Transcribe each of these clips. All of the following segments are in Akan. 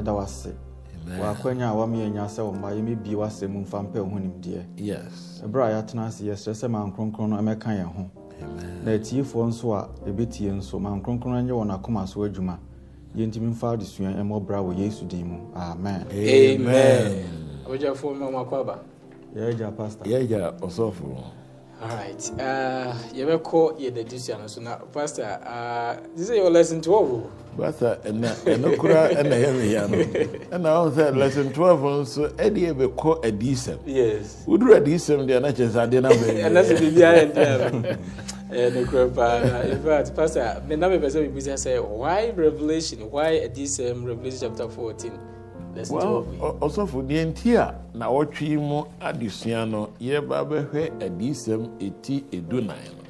yɛda wase wɔakwanya a wamyɛnya sɛ wo mma yɛmɛbie w'asɛm mu mfa mpɛ ho nimdeɛ ɛberɛ a yɛatena ase yɛsrɛ sɛ mankronkron no ɛmɛka yɛn ho na atiefoɔ nso a yɛbɛtie nso mankronkron anyɛ wɔn akoma so adwuma yɛntumi mfa adesua ɛmmɔbra wɔ yesu din mu amen yɛagya pastor yɛagya ɔsɔfo alright uh, yɛbɛkɔ yɛdadi sua no so na pastor gye sɛ yɛwɔ lesson twelve, o pastor ɛnɛ ɛno koraa ɛna yɛmeyɛ no ɛna wɔn sɛ lesson 12 nso ɛde yɛbɛkɔ adiisɛm yes woduru adiisɛm deɛ na kyɛ sɛ adeɛ no bɛyɛ ɛna sɛ biribiara ɛndeɛ no ɛnokora paa infact pastor me na mepɛ mi mebisa sɛ why revelation why adiisɛm revelation chapter fourteen? ɔsɔfo deɛ nti a na ọtwi yi mu adesua no yɛba bɛhwɛ adiisɛm ɛti ɛdu nan no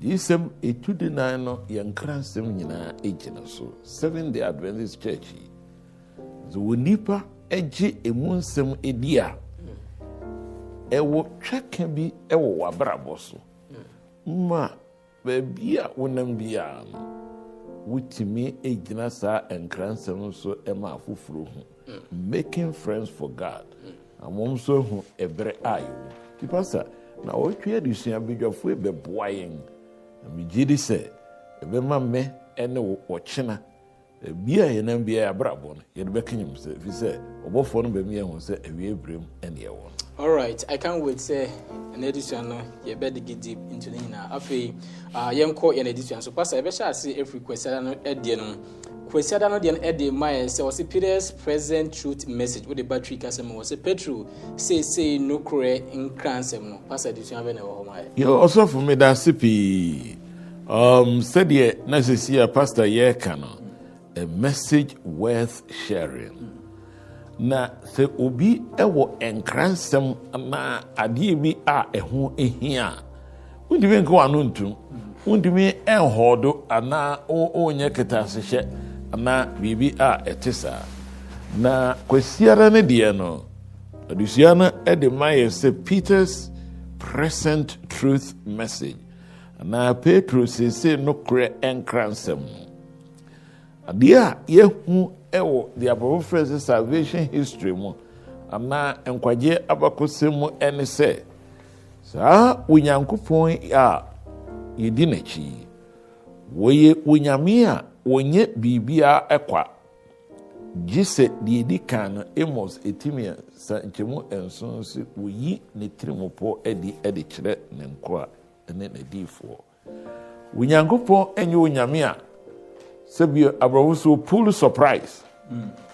diisɛm ɛtu du nan no yɛnkra nsɛm nyinaa ɛgyina so seven day adventist church yi sɛ wɔ nnipa ɛgye ɛmu nsɛm ɛdi a ɛwɔ twaka bi ɛwɔ w'abrabɔ so ma baabi a wonam biara no wotumi gyina saa nkransa no so ma afoforɔ ho making friends for god amom nso hu ɛberɛ a yɛwɔ nti pasa na wɔtwe adesua badwafoɔ bɛboa yɛn na megye di sɛ ɛbɛma mɛ ne wɔkyena bia a yɛnam biara abrabɔ no yɛde bɛka nyam sɛ ɛfiri sɛ ɔbɔfoɔ no bɛmi yɛ sɛ awie berɛ mu ne ɛwɔ no alright i can't wait sɛ ɛna adesua no yɛbɛde get deep into ne nyinaa afei uh, yɛnkɔ yɛn adesua so pastor yɛbɛhyɛ ase afiri kwasiada no ɛdeɛ no kwasiada no deɛ no ɛde ma yɛ sɛ wɔsɛ peter's present truth message wode ba twi kasɛm wɔ sɛ petro seesei nokorɛ nkra no pastor adesua bɛ na ɛwɔ hɔ ma yɛ ɔsɔfo me da ase pii um, sɛdeɛ na sɛsi a pastor yɛreka no uh, a message worth sharing mm. na sɛ obi wɔ nkransɛm anaa adeɛ bi a ɛho hia a wontumi nka wano ntom wontumi nhɔɔdo anaa wonyɛ ketaasehyɛ anaa biribi a ɛte saa na kwasiara no deɛ no adusua no de ma yɛ sɛ peter's present truth message anaa petro seesei no korɛ nkransɛm no adeɛ a yɛhu wɔ deɛ abɔfo frɛ sɛ salvation history mu anaa nkwagyeɛ abakɔsɛm mu ne sɛ saa onyankopɔn a yɛdi n'akyi yi wɔyɛ onyame a wɔnyɛ biribiara ɛkwa gye sɛ deɛ ɛdi kan no amos etimi a sankyɛmu nson so wɔyi ne tirimopɔ adi de kyerɛ ne nkoa ne n'adiifoɔ onyankopɔn nyɛ onyame a sɛbi aborɔfo so pool surprise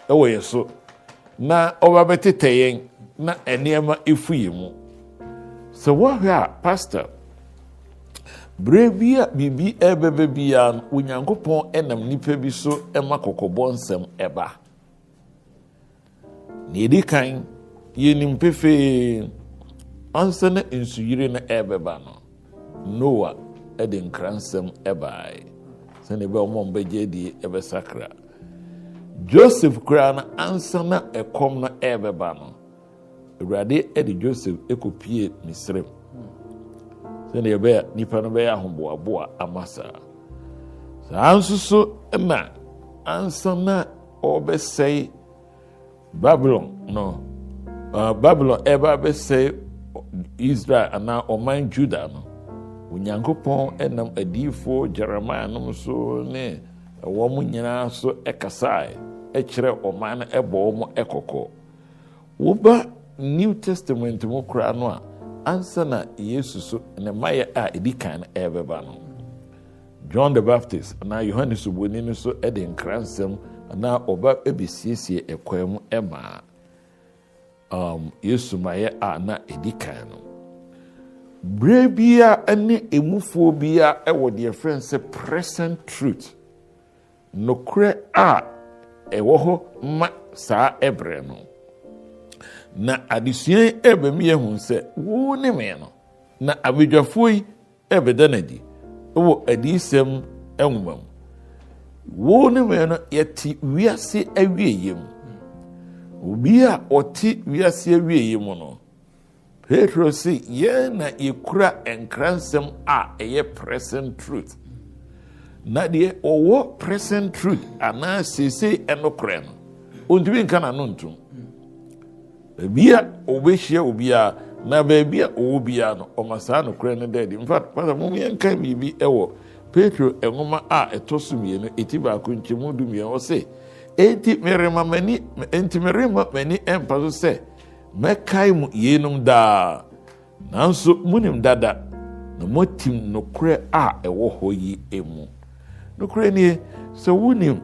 ɛwɔ yɛ so na ɔba bɛtetɛ yɛn na nneɛma efu yɛ mu sɛ wɔhwɛ a pastor bere bi a biribi ɛbɛbɛ biara no onyankopɔn ɛnam nipa bi so ma kɔkɔbɔ nsɛm ɛba na yɛdi kan yɛnim pefee ansa na nsuyiri no ɛbɛba no noa ɛde nkra nsɛm sɛdeɛ ɛbɛyɛ ɔmo ɔmbɛgye adie ɛbɛsakra joseph koraa no ansa na ɛkɔm no ɛɛbɛba no awurade ɛde joseph ɛkɔpie misrem sɛdeɛ ɛbɛyɛ nipa no bɛyɛ ahoboaboa ama saa saa nso so na ansa na babylon no uh, babylon ɛba bɛsɛe israel anaa ɔman juda no onyankopɔn nam adiyifoɔ jeremia nom so ne wɔn nyinaa so kasae kyerɛ ɔman no bɔ wɔn kɔkɔ woba new testament mu koraa no a ansa na yesu so ne mayɛ a ɛdi kan no ɛrebɛba no john the baptist anaa yohane suboni no so de nkra nsɛm anaa ɔba bɛsiesie ɛkwan mu maa um, yesu mayɛ a na ɛdi kan no berɛ bia ne ɛmufoɔ bia ɛwɔ deɛ frɛn sɛ present truth nokorɛ a ɛwɔ hɔ ma saa ɛbrɛ no na adesua yi bɛmi yɛhu sɛ wo ne meɛ no na abadwafoɔ yi bɛda no adi wɔ adiisɛm woma mu wo ne meɛ no yɛte wiase awieeɛ mu obi a ɔte wiase awieeɛ mu no petro si yɛn na yɛkura nkransɛm a ɛyɛ present truth na deɛ ɔwɔ present truth anaa seesei ɛno korɛ no ɔntumi nka na nano ntom baabi a ɔbɛhyia obiara na baabi a ɔwɔ biara no ɔma saa nokorɛ no dɛ de mfa pasa momyɛnka biribi ɛwɔ petro nwoma a ɛtɔ so mmienu eti baako nkyɛmu du mmienu ɔse enti merema m'ani ɛmpa so sɛ mɛkae mu yeinom daa nanso monim dada na moatim nokorɛ a ɛwɔ hɔ yi ɛmu nokorɛ nnie sɛ wonim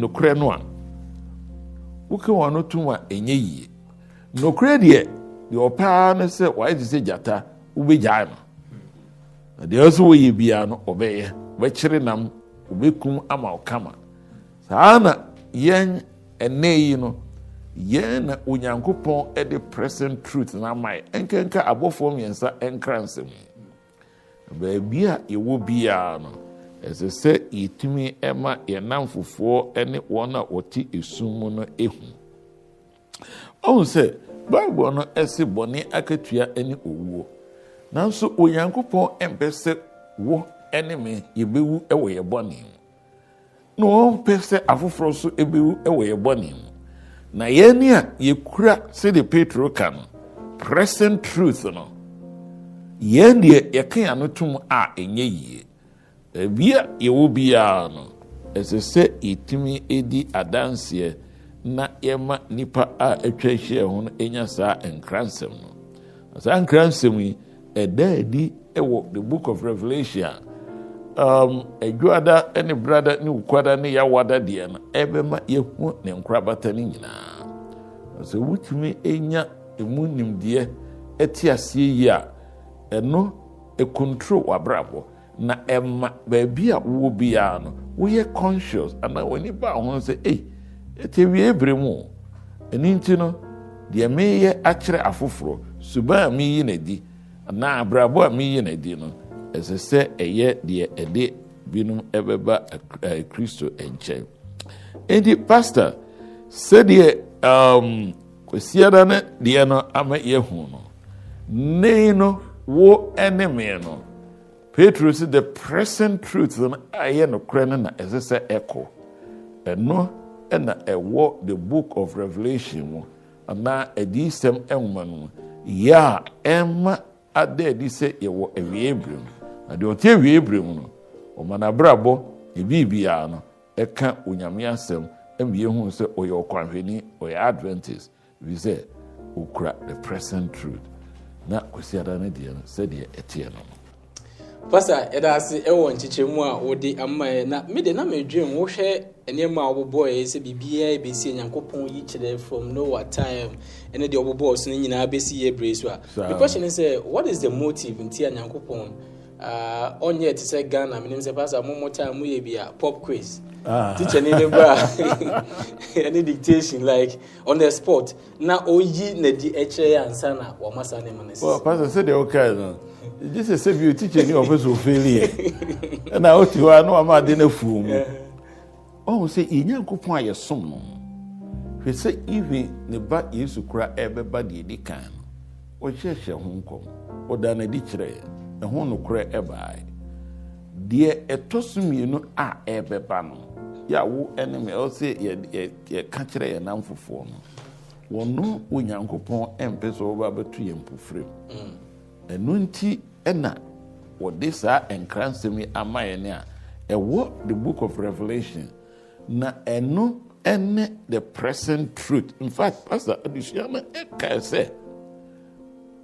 nokorɛ no a woka wano tom a ɛnyɛ yie nokorɛ deɛ deɛ ɔpɛa no sɛ wayɛ te sɛ gyata wobɛgyae no na deɛ ɔ sɛ wɔyɛ biaa no ɔbɛyɛ wobɛkyere nam wobɛkum ama ɔkama saa na yɛn ɛnɛ yi no yɛn na onyankopɔn e de present truth no amae ɛnkenka abɔfoɔ mmiɛnsa ɛnkra nsɛm baabi a yɛwɔ biara no ɛsɛ sɛ yɛtumi ma fufuo ne wɔn a wɔte esum mu no ɛhu ɔhu sɛ bible no ɛse bɔne akatua ne owuo nanso onyankopɔn mpɛ sɛ wɔ ne me yɛbɛwu wɔ yɛ bɔne mu na wɔmpɛ sɛ afoforɔ nso bɛwu wɔ yɛ bɔne mu na yɛn a yɛkura sɛde petro ka no present truth no yɛn deɛ yɛka yɛn ano a ɛnyɛ yie ebi a yɛwɔ biara no ɛsɛ sɛ yɛtumi di adanseɛ na yɛma nipa a atwa ahyia ho no anya saa nkransɛm no saa nkransɛm yi ɛda adi wɔ the book of revelation adwuada um, ne brada ne wokwada ne yawada deɛ no ɛbɛma yɛhu ne nkorabata no nyinaa sɛ wotumi ɛnya ɛmu nimdeɛ ɛte aseɛ yi a ɛno ɛkontro w'abrabɔ na ɛma baabi a wowɔ biara no woyɛ conscious anaa w'ani baa ho sɛ ei ɛte wie bere mu ɛno nti no deɛ meyɛ akyerɛ afoforɔ suban a meyi no adi anaa abrabɔ a meyi no adi no ɛsɛ sɛ ɛyɛ deɛ ɛde binom ɛbɛba eh, kristo nkyɛn nti pastor sɛdeɛ um, kwasiada no deɛ no ama yɛhu no nei no wo ne me no petro sɛ the present truth no ayɛ nokorɛ no na ɛsɛ sɛ ɛkɔ ɛno ɛna ɛwɔ the book of revelation mu anaa adiyisɛm nwoma no mu yɛ a ɛma ada adi sɛ yɛwɔ awie berɛ na deɛ ɔte awie ebire mu no ɔma n'abrabɔ ebiibia no ɛka onyame asɛm ɛma yɛhu sɛ ɔyɛ ɔkwanhwɛni ɔyɛ adventist bi sɛ ɔkura the present truth na kwasi ada no deɛ no sɛdeɛ ɛteɛ no pasa yɛda ase ɛwɔ nkyekyɛmu a wɔde ama yɛ na mede na medwem wohwɛ nneɛma a wɔbobɔeɛ sɛ biribiaa bɛsi nyankopɔn yi kyerɛ from noa time ɛne deɛ ɔbobɔɔ so no nyinaa bɛsi yɛ berɛ so a the question is what is the motive nti a nyankopɔn ɔnyɛ te sɛ ghana menim sɛ pasa momɔ time moyɛ bi a pop quiz ah. teacher ne ne ba ɛne dictation like on the spot na ɔyi n'adi ɛkyerɛ ansa na wɔma saa ne ma no sipasa sɛdeɛ wokae no gye sɛ sɛ bio teacher ni ɔpɛ sɛ ɔfeeliɛ ɛna ɔti hɔ a na wama ade no afuo mu ɔhu oh, sɛ yɛnyankopɔn a yɛsom no hwɛ sɛ even ne ba yesu kora ɛbɛba deɛ ɛdi kan no ɔhyɛhyɛ ho nkɔm ɔda n'adi kyerɛɛ ɛho nokorɛ ɛbaeɛ deɛ ɛtɔ so mmienu a ɛrebɛba no yɛawo ne me ɛwɔ sɛ yɛka kyerɛ yɛn nam fofoɔ no wɔno onyankopɔn mpɛ sɛ wɔba bɛto yɛn mpofrɛ mu ɛno nti ɛna wɔde saa nkra nsɛm yi ama yɛn a ɛwɔ the book of revelation na ɛno ɛne the present truth in fact pastor adusuama ɛkae sɛ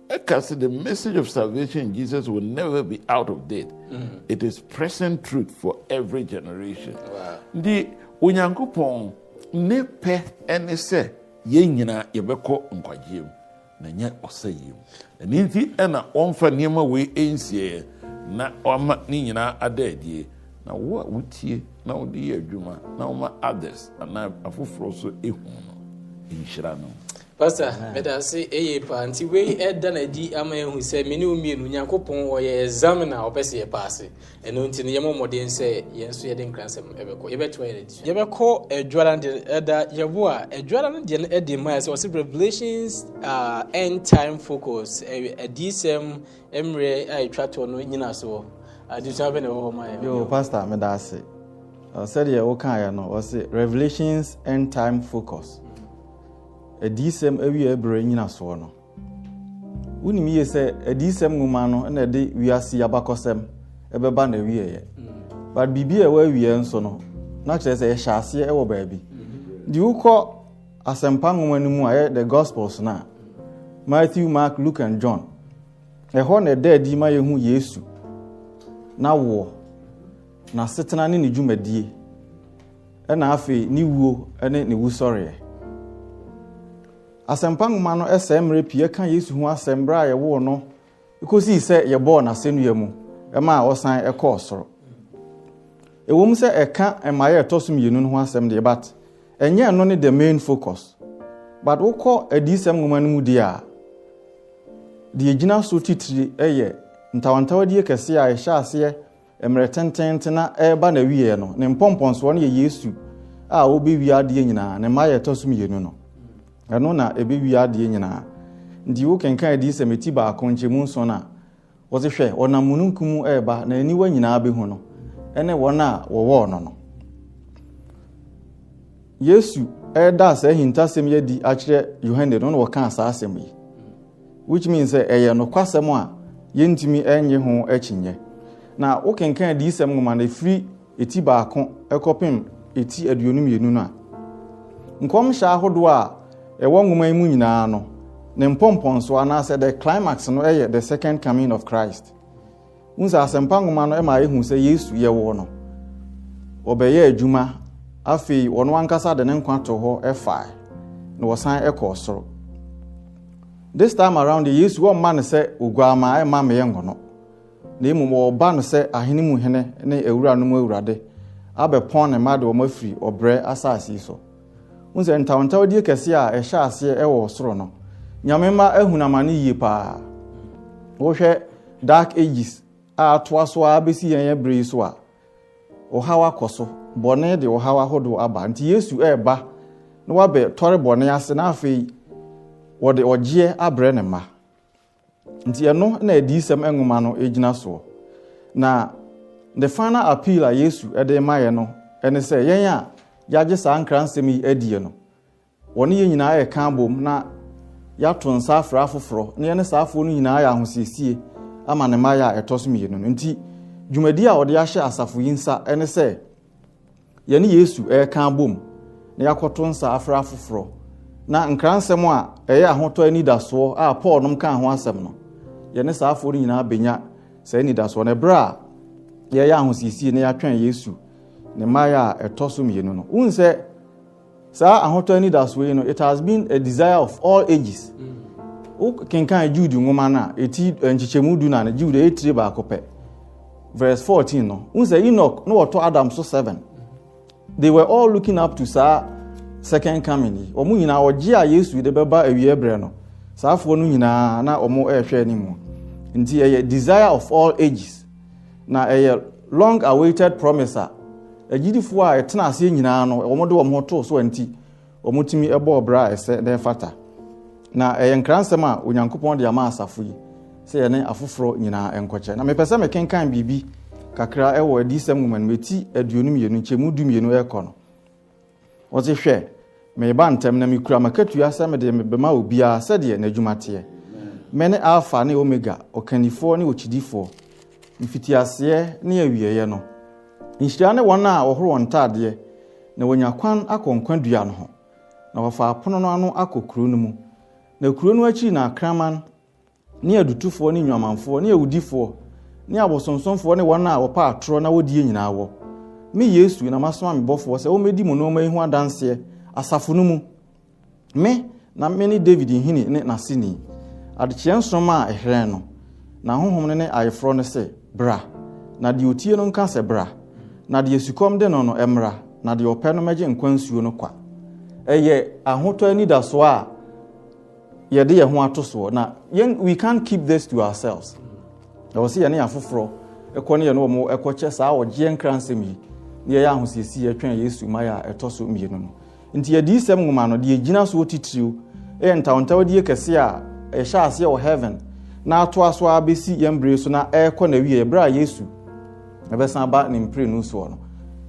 Because the message of salvation in Jesus will never be out of date. Mm. It is present truth for every generation. Nti Onyankopɔn ne pɛ ne sɛ yɛn nyinaa yɛbɛkɔ nkwagyeɛ mu na nyɛ ɔsɛ yie mu. Ɛne nti ɛna wɔmfa nneɛma wei nsieɛ na wɔama ne nyinaa ada adie. Na wo a wotie na wode yɛ adwuma na woma others anaa afoforɔ so ehu no nhyira no pastor meda eh, eh, eh, se ɛyɛ paa nti wei ɛda no adi ama ɛhu sɛ me ne mmienu nyankopɔn ɔyɛ exam na ɔpɛ sɛ yɛpaase ɛno nti no yɛmɔ mmɔden sɛ yɛn nso yɛde nkransɛm ɛbɛkɔ yɛbɛtoa yɛn adi yɛbɛkɔ adwara no deɛ ɛda yɛbo a adwara no deɛ no ɛde ma sɛ ɔse revelations uh, end time focus adisɛm mmerɛ a ɛtwa toɔ no nyina soɔ adesua bɛ na ɛwɔ hɔ ma yɛ pastor meda ase sɛdeɛ wokaeɛ no ɔse revelations end time focus adiisɛm awia abrɛ nyinasoɔ no wonim yie sɛ adiisɛm nwoma no na ɛde wiase na awieeɛ but biribi a ɛwɔ nso no na kyerɛ sɛ yɛhyɛ aseɛ wɔ baabi de wokɔ asɛmpa nwoma no mu a ɛyɛ the gospels no a matthew mark luke and john ɛhɔ na ɛda adi ma yɛhu yesu na ne ne dwumadie ɛna afei ne wuo ne ne asɛmpa nwoma no sɛe mmerɛ pii ɛka yesu ho asɛm berɛ a yɛwoo no ɛkɔsii sɛ yɛbɔɔ n'asɛnnua mu ma a ɔsane ɛkɔɔ soro ɛwom sɛ ɛka mmaeɛ ɛtɔ so mmienu no ho asɛm deɛ but ɛnyɛ ɛno ne the main focus but wokɔ adiisɛm nwoma no mu deɛ a deɛ gyina so titiri yɛ ntawantawadie kɛseɛ a ɛhyɛ aseɛ mmerɛ tententen na ɛreba na wieɛ no ne mpɔmpɔnsoɔ no yɛ yesu a wɔbɛwie adeɛ nyinaa ne mmaeɛ ɛtɔ so mmienu no ɛno na ɛbɛwie adeɛ nyinaa nti wo kenkan adi sɛ meti baako nkyɛmu nson a wɔte hwɛ ɔnam mununkum ɛreba na aniwa nyinaa bɛhu no ɛne wɔn a wɔwɔɔ no no yesu ɛda saa ahintasɛm yɛadi akyerɛ yohane no na wɔkaa saa asɛm yi which means sɛ ɛyɛ nokwasɛm a yɛntumi ɛnye ho akyinyɛ na wo kenkan adi sɛm nwoma no ɛfiri eti baako ɛkɔpem eti aduonu mmienu no a nkɔmhyɛ ahodoɔ a ɛwɔ nwoma yi mu nyinaa no ne mpɔmpɔnsoɔ anaasɛ the climax no yɛ the second coming of Christ n asɛmpa nwoma no ma yɛhu sɛ Yesu yɛwɔ no ɔbɛyɛ adwuma afei ɔno ankasa de ne nkwa to hɔ ɛfae na wɔsan ɛkɔ soro this time around Yesu no sɛ oguama ma na wɔba no sɛ ahene mu hene ne awura no mu awurade abɛpɔn ne mma de wɔn afiri ɔbrɛ sɛ ntawntawodeɛ kɛseɛ a ɛhyɛ aseɛ wɔ soro no nyame ma ahunu amane yie paa wohwɛ dark ages a atoa so a bɛsi yɛn ɛberɛ yi so a ɔhaw akɔ so bɔne de ɔhaw ahodoɔ aba nti yesu ɛba na wabɛ tɔre bɔne ase na afei wɔde ɔgyeɛ abrɛ ne mma nti ɛno na adiisɛm nwoma no gyina soɔ na the final appeal a yesu de mayɛ no ɛne sɛ yɛn a y'agye saa nkra nsɛm yi adie no wɔne yɛ nyinaa yɛ ka abom na yɛato nsa afra afoforɔ na yɛne saa afoɔ no nyinaa yɛ ahosiesie ama ne mma yɛ a ɛtɔ so mmienu no nti dwumadie a wɔde ahyɛ asafo yi nsa ne sɛ yɛne yesu ɛreka abom na yɛakɔto nsa afra afoforɔ na nkra nsɛm a ɛyɛ ahotɔ anidasoɔ a paul nom ka ho asɛm no yɛne saa afoɔ no nyinaa benya saa anidasoɔ no ɛberɛ a yɛyɛ ahosiesie na yɛatwɛn yesu ne mmaayɛ a ɛtɔ so mmienu no wohu sɛ saa ahotɔ anidasoɔ yi no it has been a desire of all ages mm. wo kenkan jude nwoma no a ɛti eh, nkyekyɛmu du no ano jude baako pɛ verse fourteen, no wohu sɛ enoch na wɔtɔ adam so seven. they were all looking up to saa second coming yi wɔn nyinaa wɔgye a yesu de bɛba awie brɛ no saafoɔ no nyinaa na wɔn ɛrehwɛ anim nti ɛyɛ desire of all ages na ɛyɛ long awaited promise a agyidifoɔ a ɛtena aseɛ nyinaa no wɔn de wɔn ho too so nti wɔn tumi bɔ ɔbra a ɛsɛ na ɛfata na ɛyɛ nkransɛm a onyankopɔn de ama asafo yi sɛ yɛne afoforɔ nyinaa nkɔkyɛ na mepɛ sɛ mekenkan biribi kakra ɛwɔ adisɛm nwoma no meti aduonu mmienu nkyɛmu du mmienu ɛkɔ no wɔte hwɛ meba ntɛm na mekura makatua sɛ mede bɛma obiara sɛdeɛ n'adwuma teɛ mɛne alpha ne omega ɔkanifoɔ ne okyidifoɔ mfitiaseɛ ne awieeɛ no nhyira ne wɔn a wɔhoro wɔn ntadeɛ na wɔnya kwan akɔ nkwadua no ho na wɔfa apono no ano akɔ kuro no mu na kuro no akyi na akraman ne adutufoɔ ne nnwamanfoɔ ne awudifoɔ ne abosonsomfoɔ ne wɔn a wɔpa atorɔ na wɔdie nyinaa wɔ me yesu na masoma me bɔfoɔ sɛ wɔmmɛdi mu nneɛma yi ho adanseɛ asafo no mu me na me ne david nhini ne n'aseni adekyeɛ nsoroma a ɛhwɛn no na honhom ne ne ayeforɔ no sɛ bra na deɛ otie no nka sɛ bra na deɛ sukɔm de no no mmra na deɛ ɔpɛ no mɛgye nkwa nsuo no kwa ɛyɛ ahotɔ anidasoɔ a yɛde yɛn ho ato soɔ na yɛn we can't keep this to ourselves ɛwɔ sɛ yɛne yɛn afoforɔ ɛkɔ ne yɛn wɔn ɛkɔkyɛ saa ɔgyeɛ nkra nsɛm yi ne yɛyɛ ahosiesie yɛtwɛn yesu mayɛ a ɛtɔ so mmienu mu nti yɛde isɛm nwoma no deɛ gyina soɔ titiriw ɛyɛ ntawntawadie kɛseɛ a ɛhyɛ aseɛ wɔ heaven na atoa so abɛsi yɛn bere so na ɛrekɔ na wie ɛbrɛ a yesu ɛbɛsan ba ne mprenu soɔ no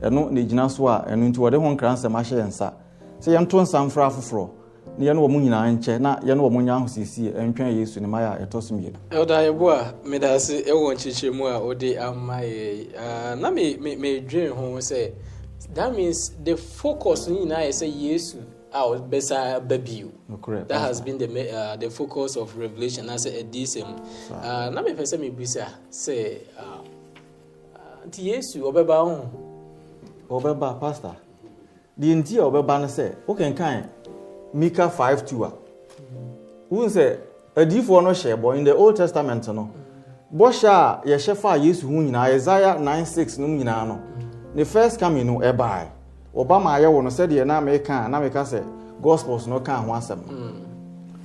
ɛno na ɛgyina so a ɛno nti wɔde ho nkra nsɛm ahyɛ yɛn nsa sɛ yɛnto nsa mfra afoforɔ na yɛne wɔ mu nyinaa nkyɛ na yɛne wɔ mu nya ahosiesie ɛntwɛn yesu ne maya a ɛtɔ so mmienu ɛwda yɛbo a meda se ɛwɔ nkyekyerɛ mu a wode ama yɛ ah, na medwen ho sɛ that means the focus no nyinaa yɛ sɛ yesu a ɔbɛsa ba bio that has been the, uh, the focus of revelation na sɛ ɛdii sɛm ah, na mepɛ sɛ mebisa sɛ uh, nti yesu ɔbɛba ho ɔbɛba pastor deɛ nti a ɔbɛba no sɛ wokenkan mika five 2 a wohu sɛ adiyifoɔ no hyɛ bɔ in the old testament no bɔhyɛ a yɛhyɛ faa yesu ho nyinaa isaiah nine six, no mu nyinaa no ne first coming no ɛbae ɔba ma ayɛ wɔ no sɛdeɛ na meka na meka sɛ gospels no kaa ho asɛm no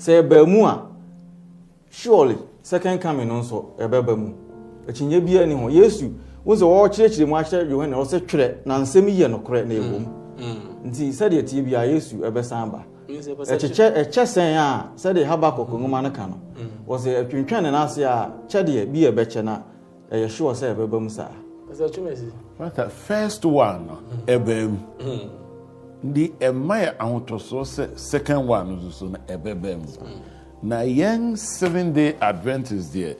sɛ ɛbaa mu a surely second coming no nso ɛbɛba mu akyinnye biara ni ho yesu wo sɛ wɔkyerɛkyerɛ mu ahyɛ yohane ɔsɛ twerɛ na nsɛm yɛ nokorɛ na ɛwɔ mu nti sɛdeɛ tie bia yesu ɛbɛsan ba ɛkyɛ sɛn a sɛdeɛ habakɔk nwoma no ka no wɔ sɛ atwintwɛn ne n'ase a kyɛdeɛ bi ɛbɛkyɛ na ɛyɛ sure sɛ ɛbɛba mu saa first one ɛbaa mu nti ɛma yɛ ahotɔsoɔ sɛ second one no so no ɛbɛba mu na mm. yɛn seven day adventist deɛ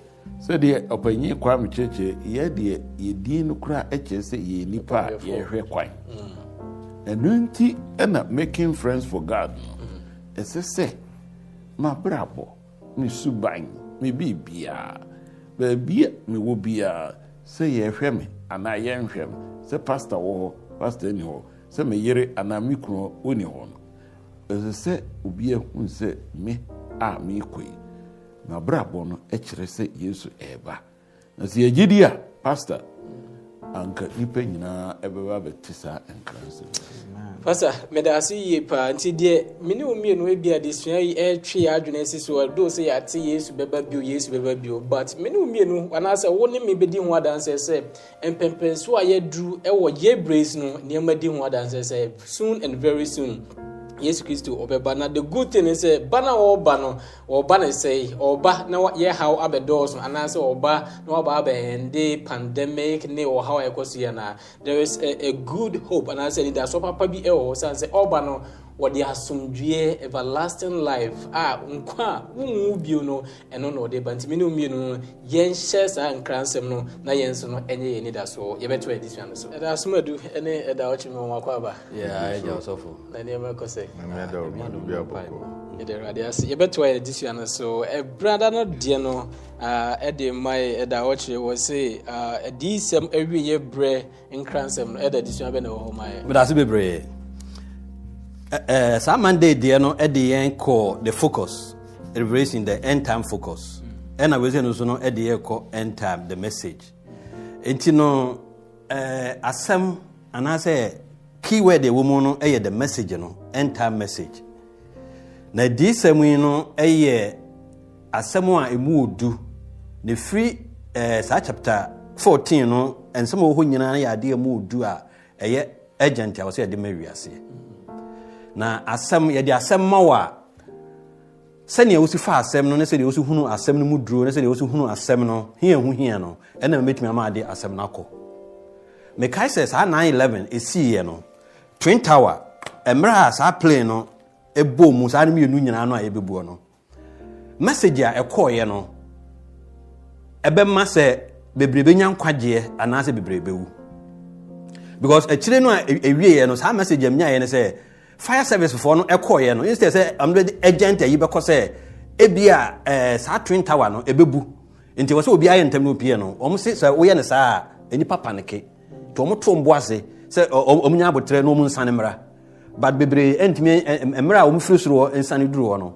sɛdeɛ ɔpanyin kwa me kyerɛkyerɛ yɛdeɛ yɛdin no koraa kyerɛ sɛ yɛ nipa a yɛhwɛ kwan mm. ɛno nti ɛna making friends for god no mm. ɛsɛ sɛ mabrabɔ me suban me biribiaa baabia mewɔ biara sɛ yɛhwɛ me anaa yɛnhwɛ me sɛ pastor wɔ hɔ pastor ani hɔ sɛ meyere anaa me kunu hɔ ɔni hɔ no ɛsɛ sɛ obi huu sɛ me a meekɔi na abrabɔ no kyerɛ sɛ yesu ɛreba na sɛ yɛgye di a pastor anka nipa nyinaa ɛbɛba abɛte saa nkranse pastor mede ase yie paa nti deɛ me ne wo mmienu ebi a desua yi ɛretwe yɛ adwene si so ɛdo sɛ yɛate yesu bɛba bio yesu bɛba bio but me ne wo mmienu anaasɛ wo ne me bɛdi ho adanseɛ sɛ mpɛmpɛnsoɔ a yɛduru ɛwɔ yɛ brace no nneɛma di ho adanseɛ sɛ soon and very soon yesu kristo ɔbɛba na the good thing is sɛ eh, ba na ɔreba no ɔreba na sɛ ɔreba na yɛ haw abɛdɔɔso anaasɛ ɔreba na waba abɛhɛnde pandemic ne ɔhaw a ɛkɔ so yɛ na there is a, a good hope anaasɛ anidasoɔ papa bi ɛwɔ hɔ sane sɛ ɔreba no wɔde asomdwoeɛ everlasting life a nkwa a wonwu bio no ɛno na ɔde ba nti mene mmienu no yɛnhyɛ saa nkra nsɛm no na yɛn nso no ɛnyɛ yɛn nidasoɔ yɛbɛto adi sua no so ɛda asom adu ne ɛda ɔkye me ɔmakɔ aba na nneɛma ɛkɔ sɛ yɛde awurade ase yɛbɛto ayɛ adi sua no so ɛbrada no deɛ no ɛde mmae ɛda ɔkyerɛ wɔ se adiyisɛm awieyɛ berɛ nkra nsɛm no ɛda adisua bɛ na ɛwɔ hɔ maɛ medase bebree Eh, eh, saa monday deɛ no de yɛn kɔ the focus revelation the end time focus ɛna wɛsɛ no so no de yɛn kɔ end time the message nti no eh, asɛm anaasɛ keyword ɛwɔ mu no yɛ the message no end time message na dii sɛm yi no yɛ asɛm a ɛmu ɔdu ne firi saa chapter fourteen no nsɛm a wɔ hɔ nyinaa yɛ adeɛ mu ɔdu a ɛyɛ agent a wɔ sɛ yɛde ma wiaseɛ na asɛm yɛde asɛm ma wo a sɛdeɛ wosi fa asɛm no ne sɛdeɛ wosi hunu asɛm no mu duro ne sɛdeɛ wosi hunu asɛm no hia ho hia no ɛna mɛtumi ama ade asɛm no akɔ mekae sɛ saa 911 ɛsiiɛ no twin tower mmerɛ a saa plane no ɛbɔ mu saa no mmienu nyinaa no a yɛbɛbuɔ no message a ɛkɔɔeɛ no ɛbɛma sɛ bebree bɛnya nkwagyeɛ anaasɛ bebree bɛwu because akyire no a ɛwieeɛ no saa message a mnyaeɛ no sɛ fire service foɔ no ɛkɔɔyɛ no instead sɛ ɔmde agent ayi bɛkɔ sɛ ebi a ɛɛ saa twin tower no ɛbɛbu nti wɔ sɛ obi ayɛ ntɛm no pie no wɔn sɛ sɛ woyɛ no saa a nipa panike nti wɔn to mbo ase sɛ wɔn nya abotire na wɔn nsa ne but bebree ntumi mmerɛ a wɔn firi soro hɔ nsa ne duru hɔ no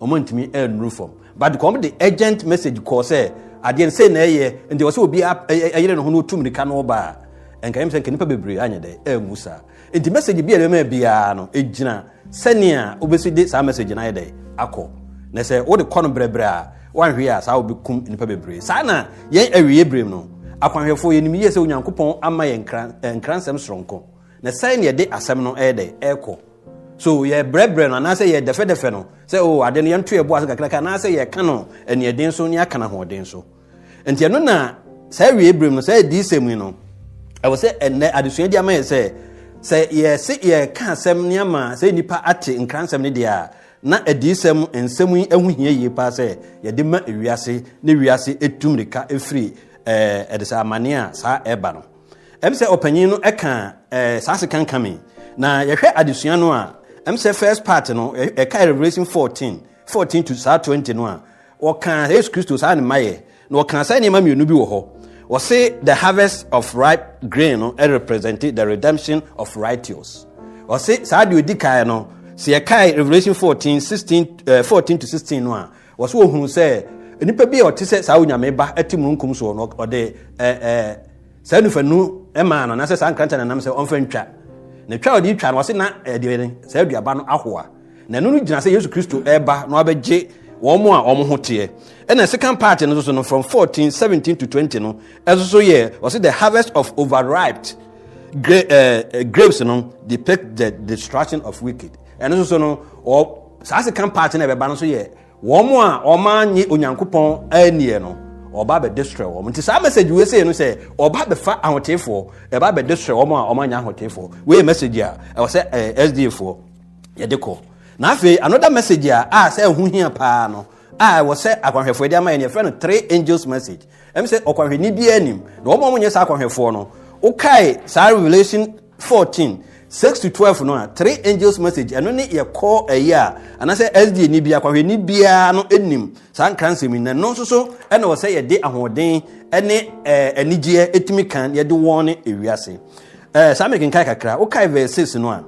wɔn ntumi ɛnuru fam but kɔn de agent message kɔɔ sɛ adeɛ nsɛ na ɛyɛ nti wɔ sɛ obi ayɛ ne ho no otu mirika no ɔba a nkanyɛ sɛ nka nipa bebree anyɛ dɛ ɛngu saa nti message bi a ɛbɛma biara no ɛgyina sɛnea wobɛsi de saa message no ayɛ dɛ akɔ na sɛ wode kɔ no brɛbrɛ a woanhwee a saa wobɛkum nnipa bebree saa na yɛn awie berem no akwanhwɛfoɔ yɛnim yie sɛ onyankopɔn ama yɛ nkra eh, nsɛm soronko na sɛneɛ de asɛm no ɛyɛ dɛ ɛrekɔ so yɛbrɛbrɛ no anaasɛ yɛdɛfɛdɛfɛ no sɛ o oh, ade no yɛnto yɛboa so kakraka anaasɛ yɛka no aniɛden so ne aka no ahoɔden na saa awie no saa ɛdii no ɛwɔ sɛ ɛnnɛ adesua di ama yɛ sɛ sɛ yɛse yɛka asɛm nneɛma sɛ nnipa ate nkra nsɛm no deɛ a na adiisɛm nsɛm yi ho hia yie paa sɛ yɛde ma wiase ne wiase ɛtum reka efiri eh, ɛde sɛ amanneɛ a saa ɛba no ɛm sɛ ɔpanyin no ɛka eh, saa seka nkame na yɛhwɛ adesua no a ɛm sɛ first part no ɛka revelation 14 14 to saa 20 no a wɔka yesu kristo saa ne mayɛ na wɔka saa nneɛma mmienu bi wɔ hɔ wɔse the harvest of ripe grain no represent the redemption of righteous wɔse saa deɛ ɔdi kae no sɛ yɛkae revelation 14 16 uh, 14 to 16 no a wɔse wɔhunu sɛ nipa bi a ɔte sɛ saa onyame ba te mu nkum so no ɔde eh, eh, saa nufanu maa no anaasɛ saa nkranta nanam sɛ ɔmfa ntwa na twa ɔde twa no wɔse na ɛdeɛ eh, saa aduaba no ahoa na ɛno no gyina sɛ yesu kristo ɛreba na wabɛgye wɔn a wɔn ho teɛ ɛna second part no so no from fourteen seventeen to twenty no ɛso so yɛ wɔsi the harvest of overripe gra uh, grapes no depict the destruction of wicked ɛno so so no ɔ saa second part no ɛbɛba no so yɛ wɔn a wɔn anyi onyankopɔn ɛniɛ no ɔba bɛ destroy wɔn nti saa message wei sɛɛ no sɛ ɔba bɛfa ahotefoɔ ɛba bɛ destroy wɔn a wɔn anya ahotefoɔ wei message a ɛwɔ sɛ ɛɛ eh, sda foɔ yɛde kɔ na afei another message a a sɛ ɛho hia paa no a ɛwɔ sɛ akwanhwɛfoɔ de ama yɛ neɛfrɛ no three angels message ɛm sɛ ɔkwanhwɛni biaa anim na wɔma monyɛ saa akwanhwɛfoɔ no wokae saa revelation 14 six to twelve. no a three angels message ɛno ne yɛkɔ ayi a anaasɛ sda ni bia akwanhwɛni biara no nim saa nkra nsɛm yi na ɛno nso so ɛna wɔ sɛ yɛde ahoɔden ne anigyeɛ ɛtumi kan yɛde wɔn ne ewiase saa mekenkae kakra wokae verse six. no a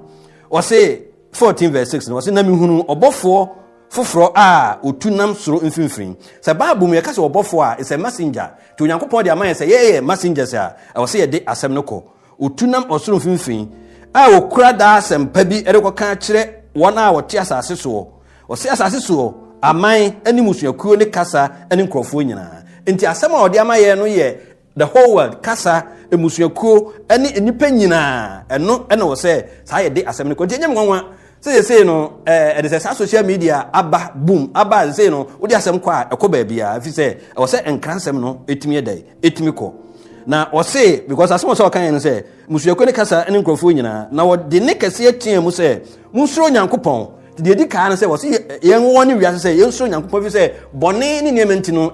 ɔse 14 verse 6 no ɔse na mehunu ɔbɔfoɔ foforɔ a ɔtu nam soro mfimfini sɛ bible mu yɛka sɛ ɔbɔfoɔ a ɛsɛ messenger nti onyankopɔn de ama yɛ sɛ yɛyɛ messengers a ɛwɔ sɛ yɛde asɛm no kɔ ɔtu nam ɔsoro mfimfini a wɔkura daa asɛmpa bi de kɔka kyerɛ wɔn a wɔte asase soɔ wɔse asase soɔ aman ne musuakuo ne kasa ne nkurɔfoɔ nyinaa nti asɛm a ɔde ama yɛn no yɛ the whole world kasa mmusuakuo ne nnipa nyinaa ɛno na wɔ sɛ saa yɛde asɛm no kɔ nti ɛnyɛ nwanwa sɛyɛsei no ɛde sɛ saa media aba bom aba a ɛkɔ baabiaa ɛfiri sɛ ɛwɔ sɛ nkra nsɛm no ɛtumi na ɔse because asɛm sɛ ɔka kasa ne nyinaa na wɔde ne kɛseɛ teɛ mu sɛ monsuro onyankopɔn nti deɛ ɛdi kaa no sɛ wɔse yɛwɔ ne wiase sɛ yɛnsuro ne nti no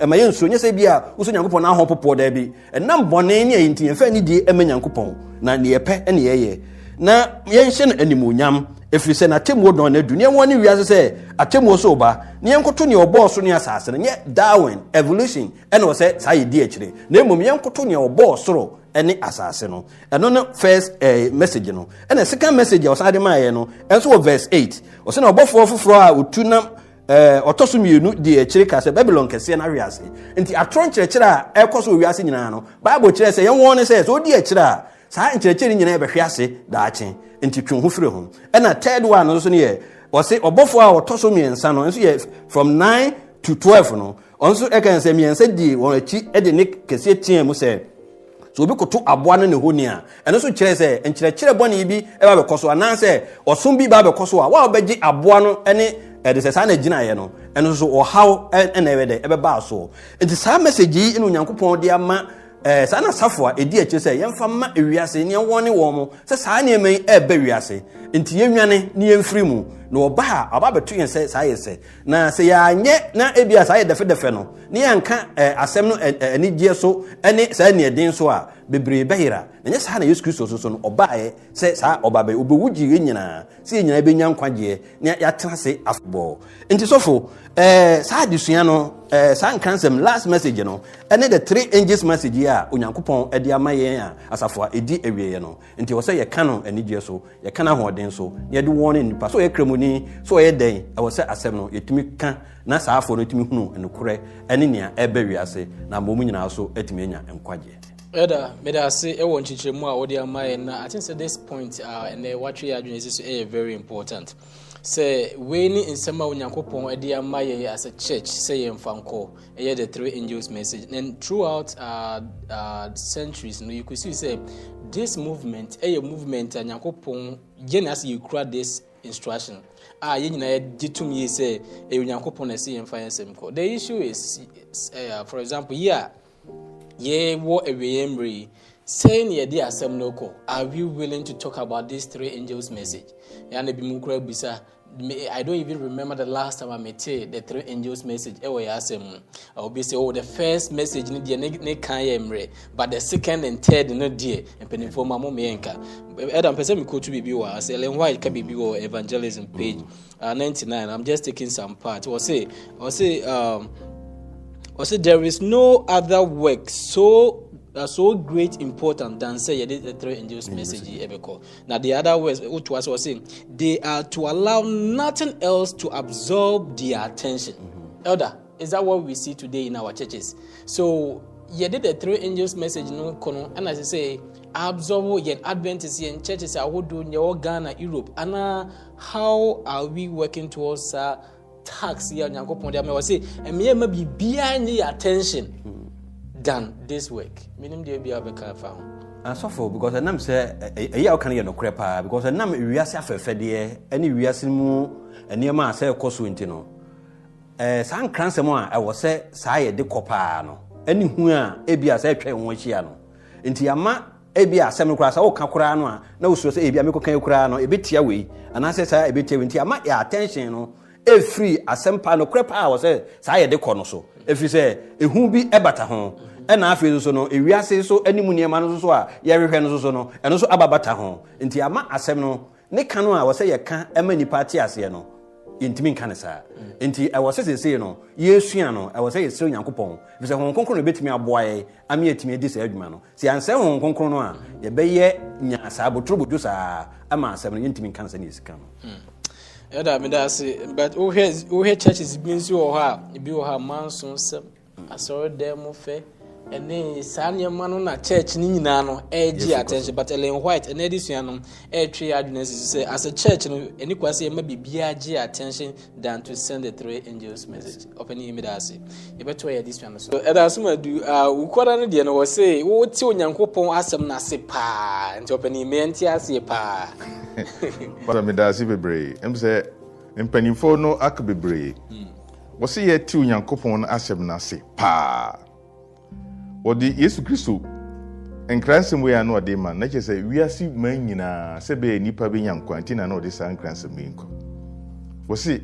bi a wosuro onyankopɔn daa bi ne nti ma na neɛ ne na yɛnhyɛ no animonyam ɛfiri sɛ n'atemmuo dɔn no adu ne ne wiase sɛ atemmuo so ba na yɛnkoto nea ɔbɔɔ so ne asase no nyɛ darwin evolution ɛna ɔsɛ saa yɛdi akyire na mmom yɛnkoto nea ɔbɔɔ soro ɛne asase no ɛno first eh, ɛna second message a ɔsan de no ɛnso wɔ verse ɔsɛ na ɔbɔfoɔ a otu nam ɔtɔ saa nkyerɛkyerɛ no nyinaa yɛbɛhwe ase daakye nti twe ho firi ho ɛna third one no nso no yɛ ɔse ɔbɔfoɔ a ɔtɔ so mmiɛnsa no nso yɛ from nine to twelve no ɔnso ɛka sɛ mmiɛnsa di wɔn akyi de ne kɛseɛ teɛ mu sɛ sɛ obi koto aboa no ne hɔ ni a ɛno nso kyerɛ sɛ nkyerɛkyerɛ bɔne bi ba bɛkɔ so anaasɛ ɔsom bi ba bɛkɔ so a wa wobɛgye aboa no ne ɛde sɛ saa na gyinaeɛ no ɛno nso ɔhaw ɛna ɛbɛdɛ ɛbɛbaa soɔ nti saa message yi ne onyankopɔn de ama Eh, saa na safo a ɛdi akyiri sɛ yɛmfa ma ewiase neɛ wɔn ne wɔn mo sɛ saa nneɛma yi ɛɛbɛ wiase nti yɛnwane ne yɛmfiri mu na ɔba a ɔba bɛto yɛn sɛ saa yɛ sɛ na sɛ yɛanyɛ na ebi a saa yɛ dɛfɛdɛfɛ no ne yɛnka ɛɛ eh, asɛm no ɛɛ eh, anigyeɛ so ɛne saa nneɛden so a bebree bɛyera na ɛnyɛ saa na yesu kristo soso no ɔbaeɛ sɛ saa ɔbabɛyɛ obɛwu gye yɛ nyinaa sɛ yɛ nyinaa bɛnya nkwagyeɛ na yɛatena se afobɔɔ nti sɔfo eh, saa adesua no eh, saa nkransɛm last message no ɛne the three angels message yi a onyankopɔn de ama yɛn a asafo a ɛdi awieeɛ no nti ɛwɔ sɛ yɛka no anigyeɛ so yɛka no ahoɔden so na yɛde wɔn no nnipa sɛ ɔyɛ kramoni sɛ ɔyɛ dɛn ɛwɔ sɛ asɛm no yɛtumi ka na saa afoɔ no tumi hunu nokorɛ ne nea ɛbɛ wiase na mmom nyinaa so atumi anya nkwagyeɛ ɛda mede ase ɛwɔ nkyekyerɛmu a wɔde ama yɛ na aten sɛ this point a ɛnɛ watwe yɛ adwene si so ɛyɛ very important sɛ wei ne nsɛm a onyankopɔn de ama yɛ as a church sɛ yɛmfa nkɔ ɛyɛ the three angels message and throughout uh, uh, centuries no you could see sɛ this movement ɛyɛ movement a uh, nyankopɔn yɛ ne ase yɛkura this instruction a ah, yɛn nyinaa gye tum yie sɛ ɛyɛ onyankopɔn na ɛsɛ yɛmfa yɛn nsɛm kɔ the issue is uh, for example yi a yɛwɔ awieɛ mmerɛ yi sɛn na yɛde asɛm no kɔ are we willing to talk about this three angels message yɛn na bi mu kura bisa I don't even remember the last time I met the three angels message. Ɛwɔ yɛ asɛm mu. Obi sɛ oh the first message ni deɛ ne kan yɛ mmerɛ but the second and third no deɛ mpanimfoɔ mu amu mmiɛ nka. Ɛda mpɛ mi kootu biribi wɔ ase Ellen White ka biribi wɔ evangelism page uh, ninety nine I'm just taking some part. Wɔsi wɔsi. Um, ɔsɛ there is no other work so uh, so great important than say yɛde the three angels mm-hmm. message yi ɛbɛkɔ na the other words woto ase ɔsɛ they are to allow nothing else to absorb their attention mm-hmm. elder is that what we see today in our churches so yɛde the three angels message no kɔ no ɛna sɛ sɛ absorb yɛn adventist yɛn churches ahodoɔ yɛwɔ ghana europe ana uh, how are we working towards saa. Uh, tax yɛ onyankopɔn de ama wɔ se ɛmeɛ biribiaa nye yɛ attention than this work menim deɛ biaa wobɛka fa ho asɔfo because ɛnam sɛ ɛyi a woka no yɛ nokorɛ paa because ɛnam wiase afɛfɛdeɛ ne wiase mu nneɛma a sɛ ɛkɔ so nti no saa nkra nsɛm a ɛwɔ sɛ saa yɛde kɔ paa no ɛne hu a ebi a sɛ ɛtwa ho ahyia no nti ama ebi a asɛm no koraa sɛ woka koraa no a na wosuro sɛ ebi a mekɔka yi koraa no ɛbɛtia wei anaasɛ saa ɛbɛtia wei nti ama yɛ attention no ɛfiri asɛm paa nokorɛ paa wɔ sɛ saa yɛde kɔ no so ɛfiri sɛ ɛhu bi ɛbata ho ɛna afei nso no ewiase so anim nneɛma no nso a yɛrehwɛ no nso no ɛno nso ababata ho nti ama asɛm no ne ka no a wɔsɛ yɛka ɛma nipa te aseɛ no yɛntumi nka ne saa nti ɛwɔ sɛ sesei no yɛsua no ɛwɔ sɛ yɛsrɛ onyankopɔn ɛfiri sɛ honhom kronkron no yɛbɛtumi aboa yɛ ama yɛatumi adi saa adwuma no sɛ yɛansɛ honhom kronkron no a yɛbɛyɛ nya saa botoro bodwo saa ama asɛm no yɛntumi nka ne sɛ ne yɛsika no ɛda meda ase but wohwɛ churches bi nso wɔ hɔ a ebi wɔ hɔ a manso nsɛm asɔredan mu fɛ ɛne saa nneɛma no na church no nyinaa no ɛregye attention but Ellen White ɛne adesua no ɛretwe adwene sisi sɛ as a church no ɛne kwa sɛ yɛma biribiara gye attention than to send the three angels message ɔpɛni yi mi da ase yɛbɛto yɛ adesua no so ɛda asom adu aa ah, wukɔda no deɛ no wɔ se wɔte onyankopɔn asɛm no ase paa nti ɔpɛni mi ɛnte aseɛ paa. bàtà ase bebree ɛmu sɛ mpanyinfoɔ no aka bebree hmm. wɔsi yɛ ti onyankopɔn asɛm no ase paa. ɔde yesu kristo nkransɛm wei a na ɔde ma na kyɛ sɛ wiase ma nyinaa sɛ bɛyɛ nnipa bɛnya nkwa nti na na ɔde saa nkransɛm yi nkɔ wɔ se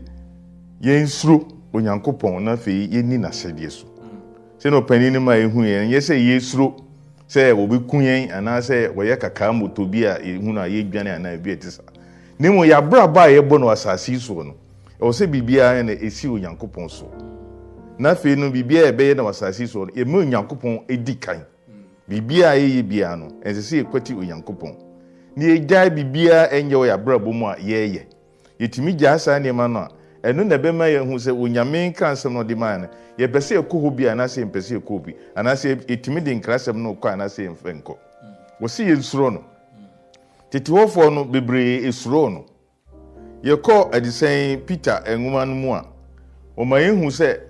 yɛnsuro onyankopɔn na afei yɛni n'asɛdeɛ so sɛne ɔpani no ma ɛhu yɛn yɛ sɛ yɛsuro sɛ wɔbɛku yɛn anaasɛ wɔyɛ kakaa mmɔtɔ bi a yɛhunu a yɛdwane anaa bi ɛte saa na mmom yɛabrabɔ a yɛbɔ no asase yi soɔ no ɛwɔ sɛ biribiara na ɛsi onyankopɔn so na afei no biribia a ɛbɛyɛ na wasase so no ɛma onyankopɔn ɛdi kan biribia a ɛyɛ biara no ɛnsɛ sɛ yɛkwati onyankopɔn na yɛgyae biribia ɛnyɛ wɔ yɛabrabɔ mu a yɛreyɛ yɛtumi gyaa saa nneɛma no a ɛno na ɛbɛma yɛhu sɛ onyame ka nsɛm no de maa no yɛpɛ sɛ yɛkɔ hɔ bi anaasɛ yɛmpɛ sɛ yɛkɔ bi anaasɛ yɛtumi de nkrasɛm no kɔ anaasɛ yɛmfɛ nkɔ wɔ sɛ yɛnsuro no tete hɔfoɔ no bebree ɛsuro no yɛkɔ adesɛn peter nwoma no mu a ɔma yɛhu sɛ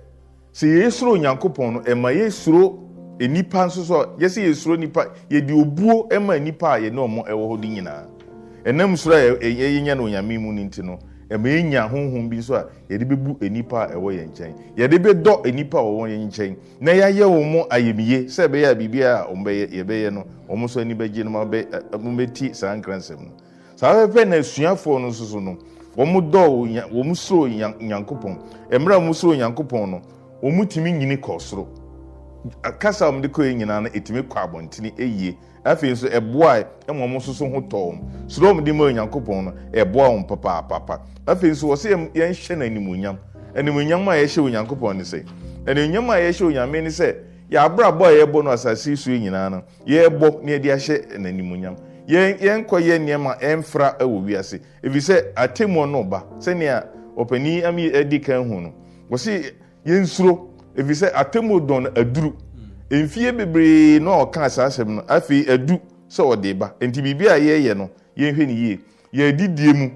sɛ yɛsuro onyankopɔn no ɛma yɛsuro nipa nso so yɛsɛ yɛsuro nipa yɛde obuo ma nipa a yɛne ɔmo ɛwɔ hɔ de nyinaa ɛnam soro a yɛyɛ no onyame mu no nti no ɛma yɛnya honhom bi nso a yɛde bɛbu nipa a ɛwɔ yɛn nkyɛn yɛde bɛdɔ nipa a wɔwɔ yɛn nkyɛn na yɛayɛ wɔn mo ayamye sɛ ɛbɛyɛ a biribiara a wɔn bɛyɛ yɛbɛyɛ no wɔn nso ani bɛgye no ma bɛ mo bɛti saa nkransɛm no saa pɛpɛ na asuafoɔ no nso so no wɔn dɔɔ wɔn soro nyankopɔn mmerɛ a wɔn soro nyankopɔn no ɔmutumi nyini kɔ soro kasa wɔmde kɔɛ nyinaa no ɛtumi kɔ abɔntene ɛyie afei nso ɛboa ịmụ soso ho tɔɔ m suro mde ma onyankopɔn no ɛboa wɔ papaapapa afei nso no a yɛhyɛ ne sɛ a yɛhyɛ ne sɛ yɛabrabɔ a yɛbɔ no asase so nyinaa no yɛbɔ na yɛde ahyɛ yɛ nneɛma wiase no ba sɛnea yɛnsuro ɛfiri sɛ atemmu dɔn no aduru mfie bebree na ɔka saa asɛm no afei adu sɛ ɔde ba nti biribi a yɛyɛ no yɛnhwɛ ne yie yɛadi die mu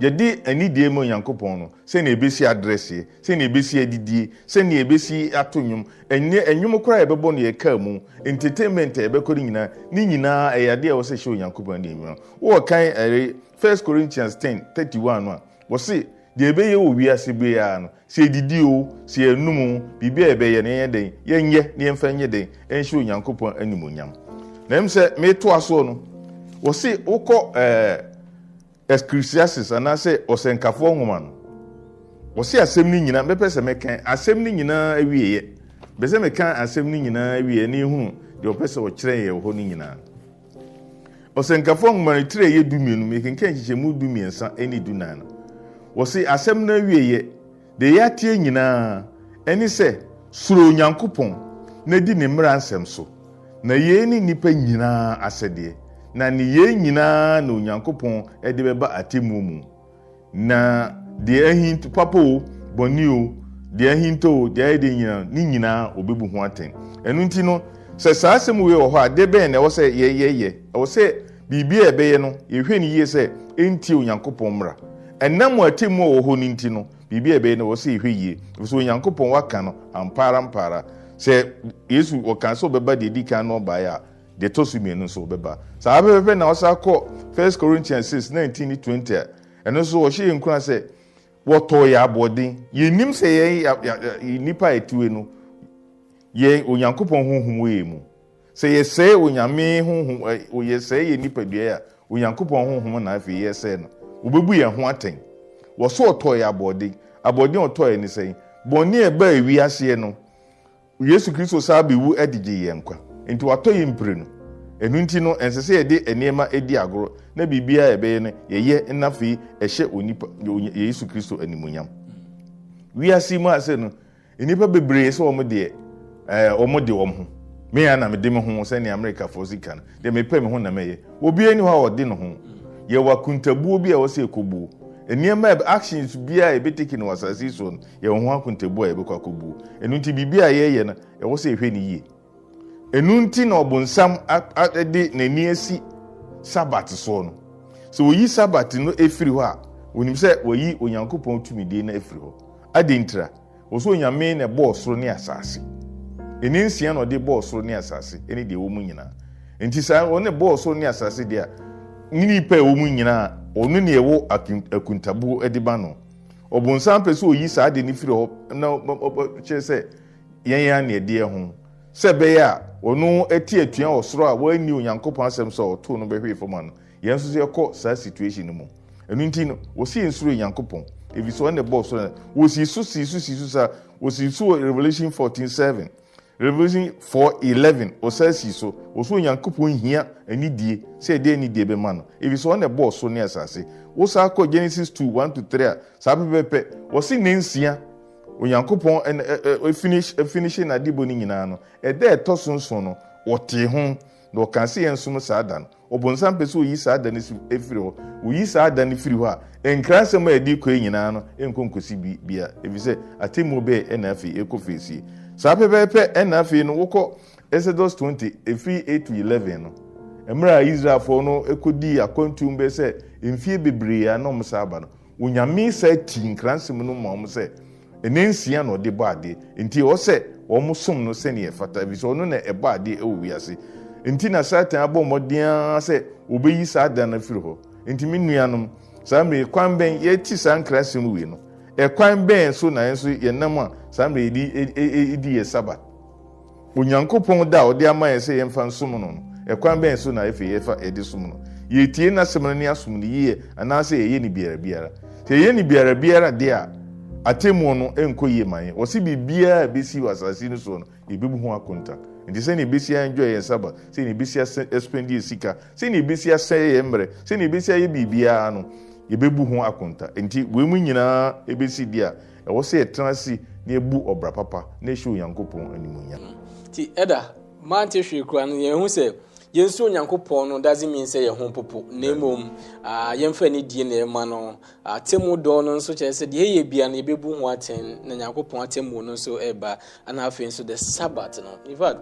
yɛde anidie mu onyankopɔn no sɛnea ɛbɛsi adrɛseɛ sɛnea ɛbɛsi adidie sɛnea ɛbɛsi ato nnwom ɛnyɛ ɛnwom koraa a yɛbɛbɔ no yɛkaa mu entertainment a yɛbɛkɔ no nyinaa ne nyinaa ɛyɛ adeɛ a wɔsɛ hyɛ onyankopɔn anim no wɔɔkan ɛre first corinthians ten thirty one no a wɔse deɛ ɛbɛyɛ wɔ wiase biara no e sɛ ɛdidi o sɛ ɛnum a ɛbɛyɛ no den yɛnyɛ na yɛmfa nyɛ den ɛnhyɛ onyankopɔn animonyam na m sɛ metoa soɔ no wɔse wokɔ ɛɛ anaasɛ ɔsɛnkafoɔ nwoma no wɔse asɛm no nyinaa bɛpɛ sɛ mɛka asɛm no nyinaa awieɛ bɛ sɛ asɛm no nyinaa awieɛ na ehunu deɛ ɔpɛ sɛ ɔkyerɛ yɛ hɔ no nyinaa ɔsɛnkafoɔ nwoma no dumienu nhyehyɛmu dumiɛnsa dunan wɔse asɛm no awieeɛ deɛ yɛ ateɛ nyinaa ɛni sɛ suro onyankopɔn na di ne mmara nsɛm so na yei ne nnipa nyinaa asɛdeɛ na ne yei nyinaa na onyankopɔn ɛde bɛba atemmuo mu na deɛ ahinto papa o bɔne o deɛ ahinto o deɛ ayɛ deɛ nyinaa ne nyinaa obɛbu ho atɛn ɛno nti no sɛ saa asɛm wei wɔ hɔ a de bɛn na ɛwɔ sɛ yɛyɛyɛ ɛwɔ sɛ biribi a ɛbɛyɛ no yɛhwɛ no yie sɛ ɛntie onyankopɔn mmara ɛnam ati mu a wɔ hɔ no nti no biribi a ɛbɛyɛ no wɔ ɛhwɛ yie ɛfisɛ onyankopɔn waka no ampara mpaara sɛ yesu ɔka sɛ ɔbɛba deɛ di kan no ɔbaeɛ a deɛ so mmienu nso ɔbɛba saa pɛpɛpɛ na ɔsa kɔ corinthians 6 19 20 a ɛno nso ɔhyɛ yɛn nkura sɛ wɔtɔɔ yɛ aboɔden yɛnim sɛ yɛn nipa a ɛtiwe no yɛn onyankopɔn honhom wɔ mu sɛ yɛsɛe onyame honhom yɛsɛe nipadua a onyankopɔn honhom na afei yɛsɛe no wɔbɛbu yɛn ho atɛn wɔso ɔtɔɔ yɛ aboɔden aboɔden ɔtɔɔ yɛ ne sɛn bɔnne ɛbaa ewi aseɛ no yesu kristo saa bɛwu ɛdigye yɛn kwa nti watɔ yɛ mpire no ɛnu nti no ɛnsɛ sɛ yɛde nneɛma ɛdi agorɔ na a yɛbɛyɛ no yɛyɛ nnafei ɛhyɛ onipa yesu kristo animuonyam wiase mu ase no nnipa bebree sɛ wɔn deɛ ɛɛ wɔn de wɔn ho mmea na mede me ho sɛnea amerikafoɔ si ka no deɛ mepɛ me ho na mɛyɛ obiara ni hɔ a ɔde ne ho. yɛwɔ akontabuo bi a ɛwɔ sɛ yɛkɔbuo nneɛma actions biaa yɛbɛteki no wɔ asase so no yɛwɔ ho akontabuo a yɛbɛkɔ akɔbuo ɛno nti biribi a yɛyɛ no ɛwɔ sɛ yɛhwɛ no yie ɛno nti na ɔbonsam de n'ani asi sabat soɔ no sɛ wɔyi sabat no ɛfiri hɔ a ɔnim sɛ wɔyi onyankopɔn tumidie no afiri hɔ adentira wɔ sɛ onyame na ɛbɔɔ soro ne asase ɛni nsia na ɔde bɔɔ soro ne asase ɛne deɛ wɔ mu nyinaa ɛnti saa ɔne bɔɔ soro ne asase deɛ a ne nipa ɛwɔ mu nyinaa ɔno ne ɛwɔ akuntabuo de ba no ɔbɔnsan pɛ sɛ oyi saa de ne firi hɔ na kyerɛ sɛ yɛn yɛn ne ɛdeɛ ho sɛ bɛyɛ a ɔno ɛte atua ɔsoro a wɔani onyankopɔn asɛm sɛ ɔto no bɛhwee fam ano yɛn nso sɛ yɛkɔ saa situation no mu ɛno nti no wɔsi nsoro onyankopɔn ebi sɛ ɔne bɔɔl soro na wɔsi so si so si so saa wɔsi so wɔ revolution fourteen seven. revelation 411 ɔsa si so wɔ so die hia anidie sɛ die ebe ma no so sɛ ɔne bɔɔ so ne asase wo saa kɔ genesis 2:1-3 a saa pɛpɛpɛ wɔse ne nsia onyankopɔn finihye n'adebɔ no nyinaa no so na ɔka sɛ yɛ nsom saa da no no hɔ ɔyi saa firi hɔ a a nyinaa no saa pɛpɛɛpɛ ɛna afei no wokɔ exodus 20 811 no mmerɛ a israelfoɔ no ɛkɔdii akwantum bɛ sɛ mfie bebree na ɔm saa aba no onyame saa ti nkransɛm ma ɔm sɛ ɛnɛ nsia na ɔde bɔ adeɛ nti ɛwɔ sɛ wɔn som no fata bi sɛ ɔno na ɛbɔ adeɛ ɛwɔ wiase nti na satan abɔ mmɔden sɛ wɔbɛyi saa dan no firi hɔ nti me saa kwan bɛn yɛti saa nkransɛm no ɛkwan bɛn so na nso nam a saa mmerɛ yɛdi yɛ saba onyankopɔn da a ɔde ama yɛ sɛ yɛmfa nsom no no ɛkwan bɛn so na afei yɛfa yɛde som no yɛtie n'asɛm no ne asom no yie anaasɛ yɛyɛ ne biara biara sɛ yɛyɛ ne biara biara deɛ a atemmuo no nkɔ yie ma yɛ wɔsi biribiara a ebesi wɔ asase no so no ebibu ho akonta nti sɛ na ebesi enjoy yɛ saba sɛ na ebesi asɛ expend esika sika sɛ na ebesi asɛ yɛ mmerɛ sɛ na ebesi ayɛ biribiara no yɛbɛbu ho akonta nti wei mu nyinaa ɛbɛsi di a ɛwɔ sɛ yɛtena ase na yɛbu ɔbra papa na ɛhyɛ onyankopɔn animuonyam nti ɛda mante hwee kura no yɛhu sɛ yɛnsu onyankopɔn no doesn't mean sɛ yɛn popo na mmom yɛmfa ne die na ɛma no atemu dɔɔ no nso kyerɛ sɛ deɛ ɛyɛ bia no yɛbɛbu ho atɛn na nyankopɔn atemu no nso ɛba ana afei nso the sabbat no in fact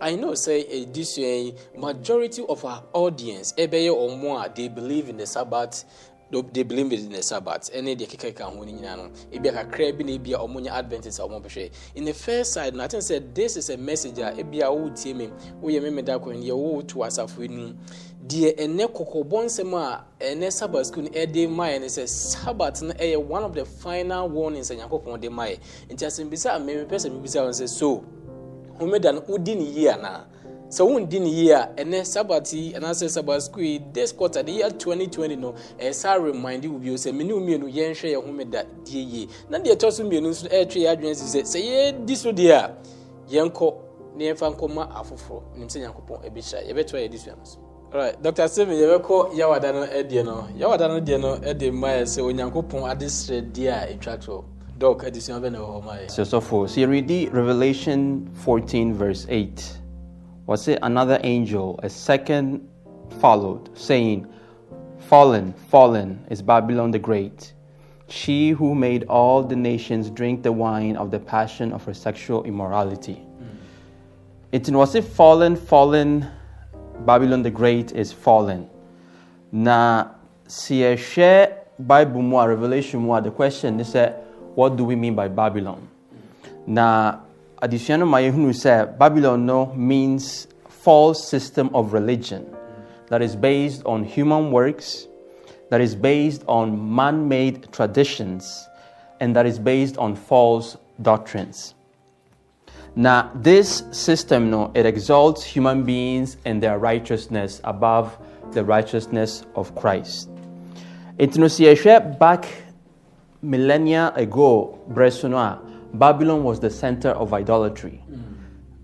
I know say uh, eh, this year majority of our audience, they believe in the Sabbath they believe in the sabbath ɛne deɛ keka ka ho no nyinaa no ebi kakra bi na ebi a wɔn nyɛ adventist a wɔn bɛhwɛ in the first side na ten sɛ this is a message a ebi a wɔretie mi wɔyɛ mmemmeda kwan deɛ wɔretu asafo anim deɛ ɛnɛ kɔkɔbɔ nsɛm a ɛnɛ sabbath school no ɛde maɛ no sɛ sabbath no ɛyɛ one of the final warnings a nyankopɔn de maɛ nti asɛmbisa a mmemme pɛ sɛ wɔn sɛ so homeda no wodi ne yie anaa sɛ wondi ne yie a ɛnɛ sabat yi anaasɛ sabat school yi this quarter the year 2020 no ɛyɛ eh, saa remind wo bio sɛ mene wo mmienu yɛnhwɛ yɛ homeda die yie na deɛ ɛtɔ so mmienu nso ɛretwe yɛ adwene si sɛ sɛ yɛdi so deɛ a yɛnkɔ na yɛmfa nkɔma afoforɔ nim sɛ nyankopɔn ɛbɛhyira yɛbɛtoa yɛdi sua no so Right. Dr. Steven, yɛbɛkɔ yawada no ɛdeɛ no yawada no deɛ no ɛde mma yɛ sɛ onyankopɔn adesrɛ deɛ a ɛtwa toɔ dɔk adesua bɛ na ɛwɔ hɔ ma yɛ sɛ sɔfoɔ so yɛredi revelation 14 verse 8 was it another angel, a second followed, saying, Fallen, fallen is Babylon the Great, she who made all the nations drink the wine of the passion of her sexual immorality. Mm. It was it fallen, fallen, Babylon the Great is fallen. Na siyeshe Bible mu revelation mu the question is what do we mean by Babylon? Na Adiciano Mayehunu said, Babylon no means false system of religion that is based on human works, that is based on man made traditions, and that is based on false doctrines. Now, this system, no, it exalts human beings and their righteousness above the righteousness of Christ. It no back millennia ago, Bresunoa. Babylon was the center of idolatry, mm.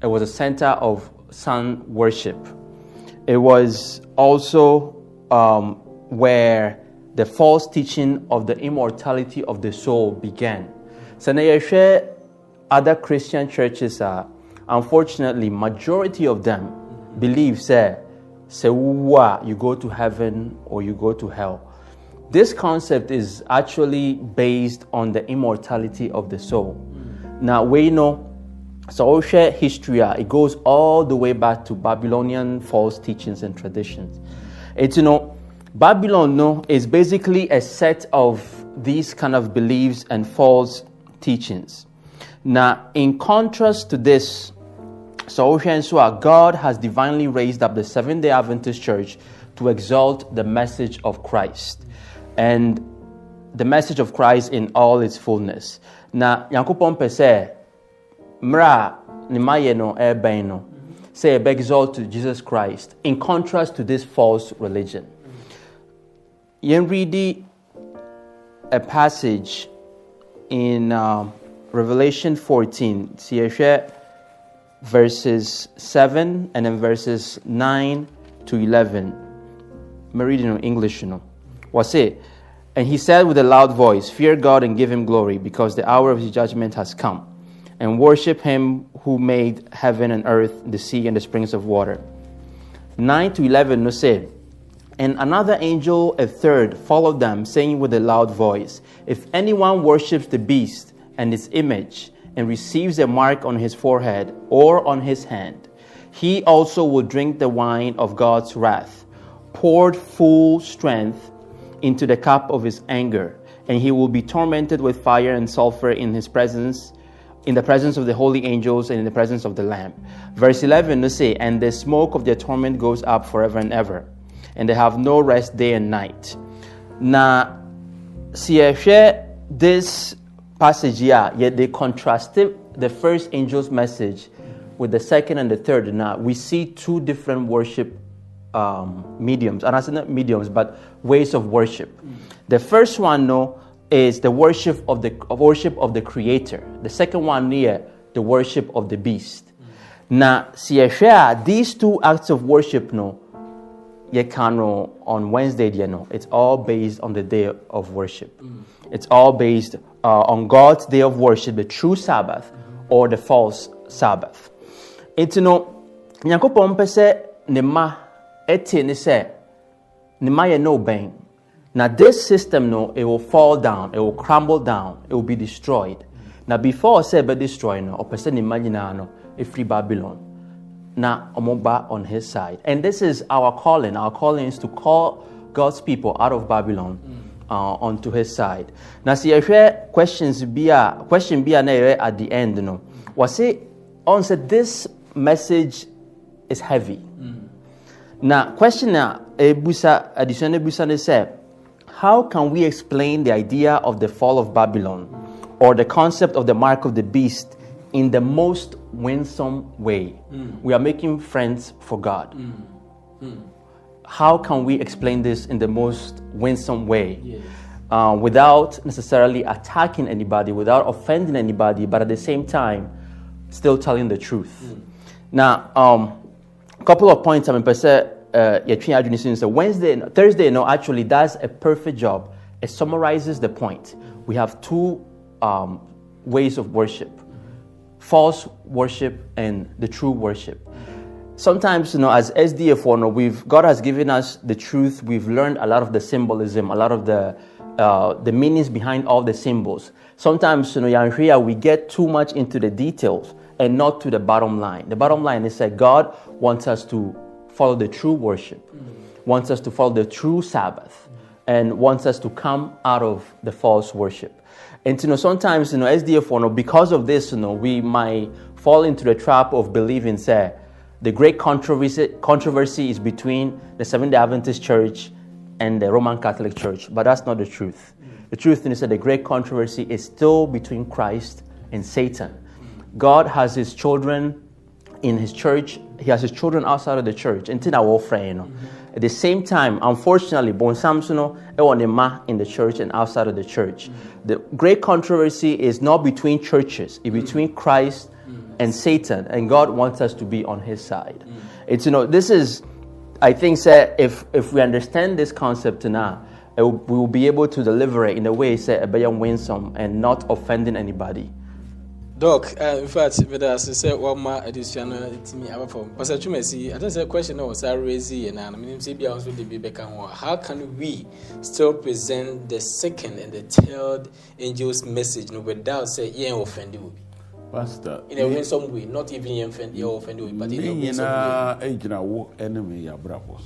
it was a center of sun worship. It was also um, where the false teaching of the immortality of the soul began. So now you share other Christian churches are, unfortunately, majority of them believe say, say you go to heaven or you go to hell. This concept is actually based on the immortality of the soul. Now we know, so I'll share history. Uh, it goes all the way back to Babylonian false teachings and traditions. It's you know, Babylon no is basically a set of these kind of beliefs and false teachings. Now, in contrast to this, so Shensua, God has divinely raised up the Seventh day Adventist Church to exalt the message of Christ and the message of Christ in all its fullness na nyankopɔn pɛ sɛ mmerɛ a ne mayɛ no ɛrebɛn no sɛ yɛbɛ exalt to jesus christ in contrast to this false religion yɛn readi a passage in uh, revelation 14 sɛ yɛhwɛ verses 7 and then verses 9 to 11 mereadi english no wɔ se and he said with a loud voice, Fear God and give him glory, because the hour of his judgment has come. And worship him who made heaven and earth, the sea, and the springs of water. 9 to 11, no said. And another angel, a third, followed them, saying with a loud voice, If anyone worships the beast and its image, and receives a mark on his forehead or on his hand, he also will drink the wine of God's wrath, poured full strength into the cup of his anger, and he will be tormented with fire and sulfur in his presence, in the presence of the holy angels and in the presence of the Lamb. Verse 11, they say, And the smoke of their torment goes up forever and ever, and they have no rest day and night. Now, see, I share this passage here, yet they contrasted the first angel's message with the second and the third. Now, we see two different worship um, mediums, and I said not mediums, but ways of worship. The first one, no, is the worship of the of worship of the Creator. The second one, near yeah, the worship of the beast. Now, see, these two acts of worship, no, you can no, on Wednesday, you know, it's all based on the day of worship. It's all based uh, on God's day of worship, the true Sabbath or the false Sabbath. It's you know, nyankopon pese ne ma 18, ne sɛ ne mayɛ no bɛn na this system no it will fall down it will crumble down it will be destroyed na before sɛ ɛbɛ destroy no ɔpɛ sɛ ne ma nyinaa no ɛfiri babylon na ɔmoba on his side and this is our calling our calling is to call god's people out of babylon uh, onto his side na sɛ yɛhwɛ questions bi a question bi a na yɛhwɛ at the end no wɔse ɔn sɛ this message is heavy mm. Now, question a ebusa adesua how can we explain the idea of the fall of babylon or the concept of the mark of the beast in the most winsome way mm. we are making friends for god mm. Mm. how can we explain this in the most winsome way yes. uh, without necessarily attacking anybody without offending anybody but at the same time still telling the truth mm. now um, couple of points I'm going uh, yeah, adwene si sɛ wednesday thursday no actually does a perfect job it summarizes the point we have two um, ways of worship false worship and the true worship sometimes you know as sdf one, we've god has given us the truth we've learned a lot of the symbolism a lot of the uh, the meanings behind all the symbols sometimes you know here we get too much into the details and not to the bottom line. The bottom line is that God wants us to follow the true worship, mm-hmm. wants us to follow the true Sabbath, mm-hmm. and wants us to come out of the false worship. And you know, sometimes you know, SDF, you know, because of this, you know, we might fall into the trap of believing that the great controversy, controversy is between the Seventh Day Adventist Church and the Roman Catholic Church, but that's not the truth. The truth is that the great controversy is still between Christ and Satan. God has his children in his church, he has his children outside of the church. And our friend, you know. At the same time, unfortunately, Bon Samson in the church and outside of the church. The great controversy is not between churches, it's between Christ and Satan, and God wants us to be on his side. It's you know, this is I think say if if we understand this concept now, we will be able to deliver it in a way say a better winsome and not offending anybody. doc uh, in fact mede ase sɛ wɔma adesua no tumi aba fam pastor twumasi ate sɛ question no wɔ saa raise yɛ naa no menim sɛ bia nso de bi bɛka ho how can we still present the second and the third angels message no without sɛ yɛn offend obi pastor in a winsome way not even yɛn offend yɛn offend obi but in a winsome way ne nyinaa gyina wo ɛne mm. me yɛ abrabɔ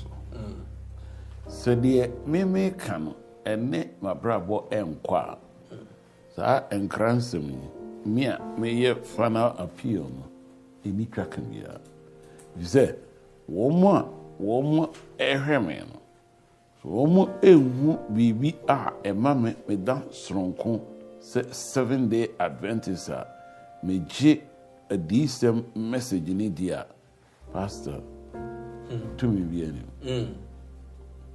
so sɛdeɛ meme ka no ɛne m'abrabɔ ɛnkɔ a saa nkra nsɛm yi me a meyɛ final appeal no ɛni twa ka biara sɛ wɔn mu a wɔn mu ɛhwɛ me no wɔn mu ɛnhu biribi a ɛma me meda soronko sɛ seven day adventist a megye adiisɛm message ne di a pastor hmm. tumi bi anim hmm.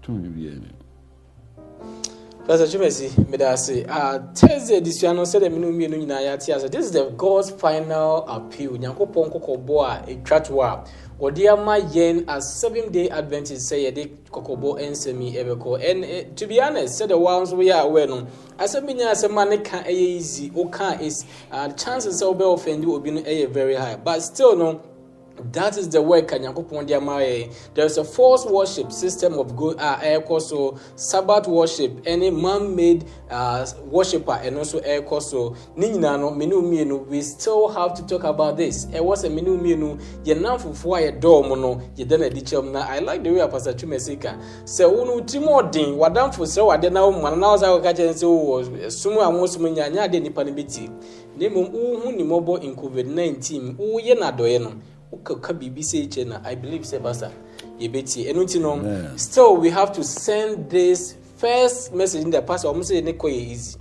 tumi bi anim Pastor Chimesi mede ase uh, Thursday desua no sɛdeɛ mene mmienu nyinaa yɛate ase this is the God's final appeal nyankopɔn kɔkɔbɔ a ɛtwa to a wɔde ama yɛn as seven day adventist say sɛ yɛde kɔkɔbɔ nsɛm yi ɛbɛkɔ and eh, to be honest sɛdeɛ wɔn nso yɛ awɛ no as a nyinaa as a ne can't ɛyɛ eh, easy woka is uh, chances of wobɛ offend obi no ɛyɛ very high but still no That is the work Kanyankopon Diamaye. There is a false worship system of God, uh, ɛɛkɔ so, Sabbath worship, ɛne man-made uh, worship a ɛno nso ɛɛkɔ so. Ne nyinaa no, menu mmienu, we still have to talk about this. Ɛwɔ sɛ menu mmienu, yɛn nan fufuo a yɛdɔɔ mu no, yɛda na adi kyɛm na I like the way Pastor Twuma sika. Sɛ wɔn no ti mu ɔden, wadanfo sɛ wade na wɔn mu, anana wɔn sɛ wɔka kyɛn sɛ wɔwɔ sum a wɔn sum nyanya ade nipa no bi ti. Na mmom, wɔn ho nimɔbɔ in COVID-19, wɔyɛ n'adɔyɛ no wokaka biribi sɛ kyɛ na i believe sɛ basa yɛbɛtie ɛno nti no still we have to send this first message in the past ɔmo sɛ ne kɔ yɛ easy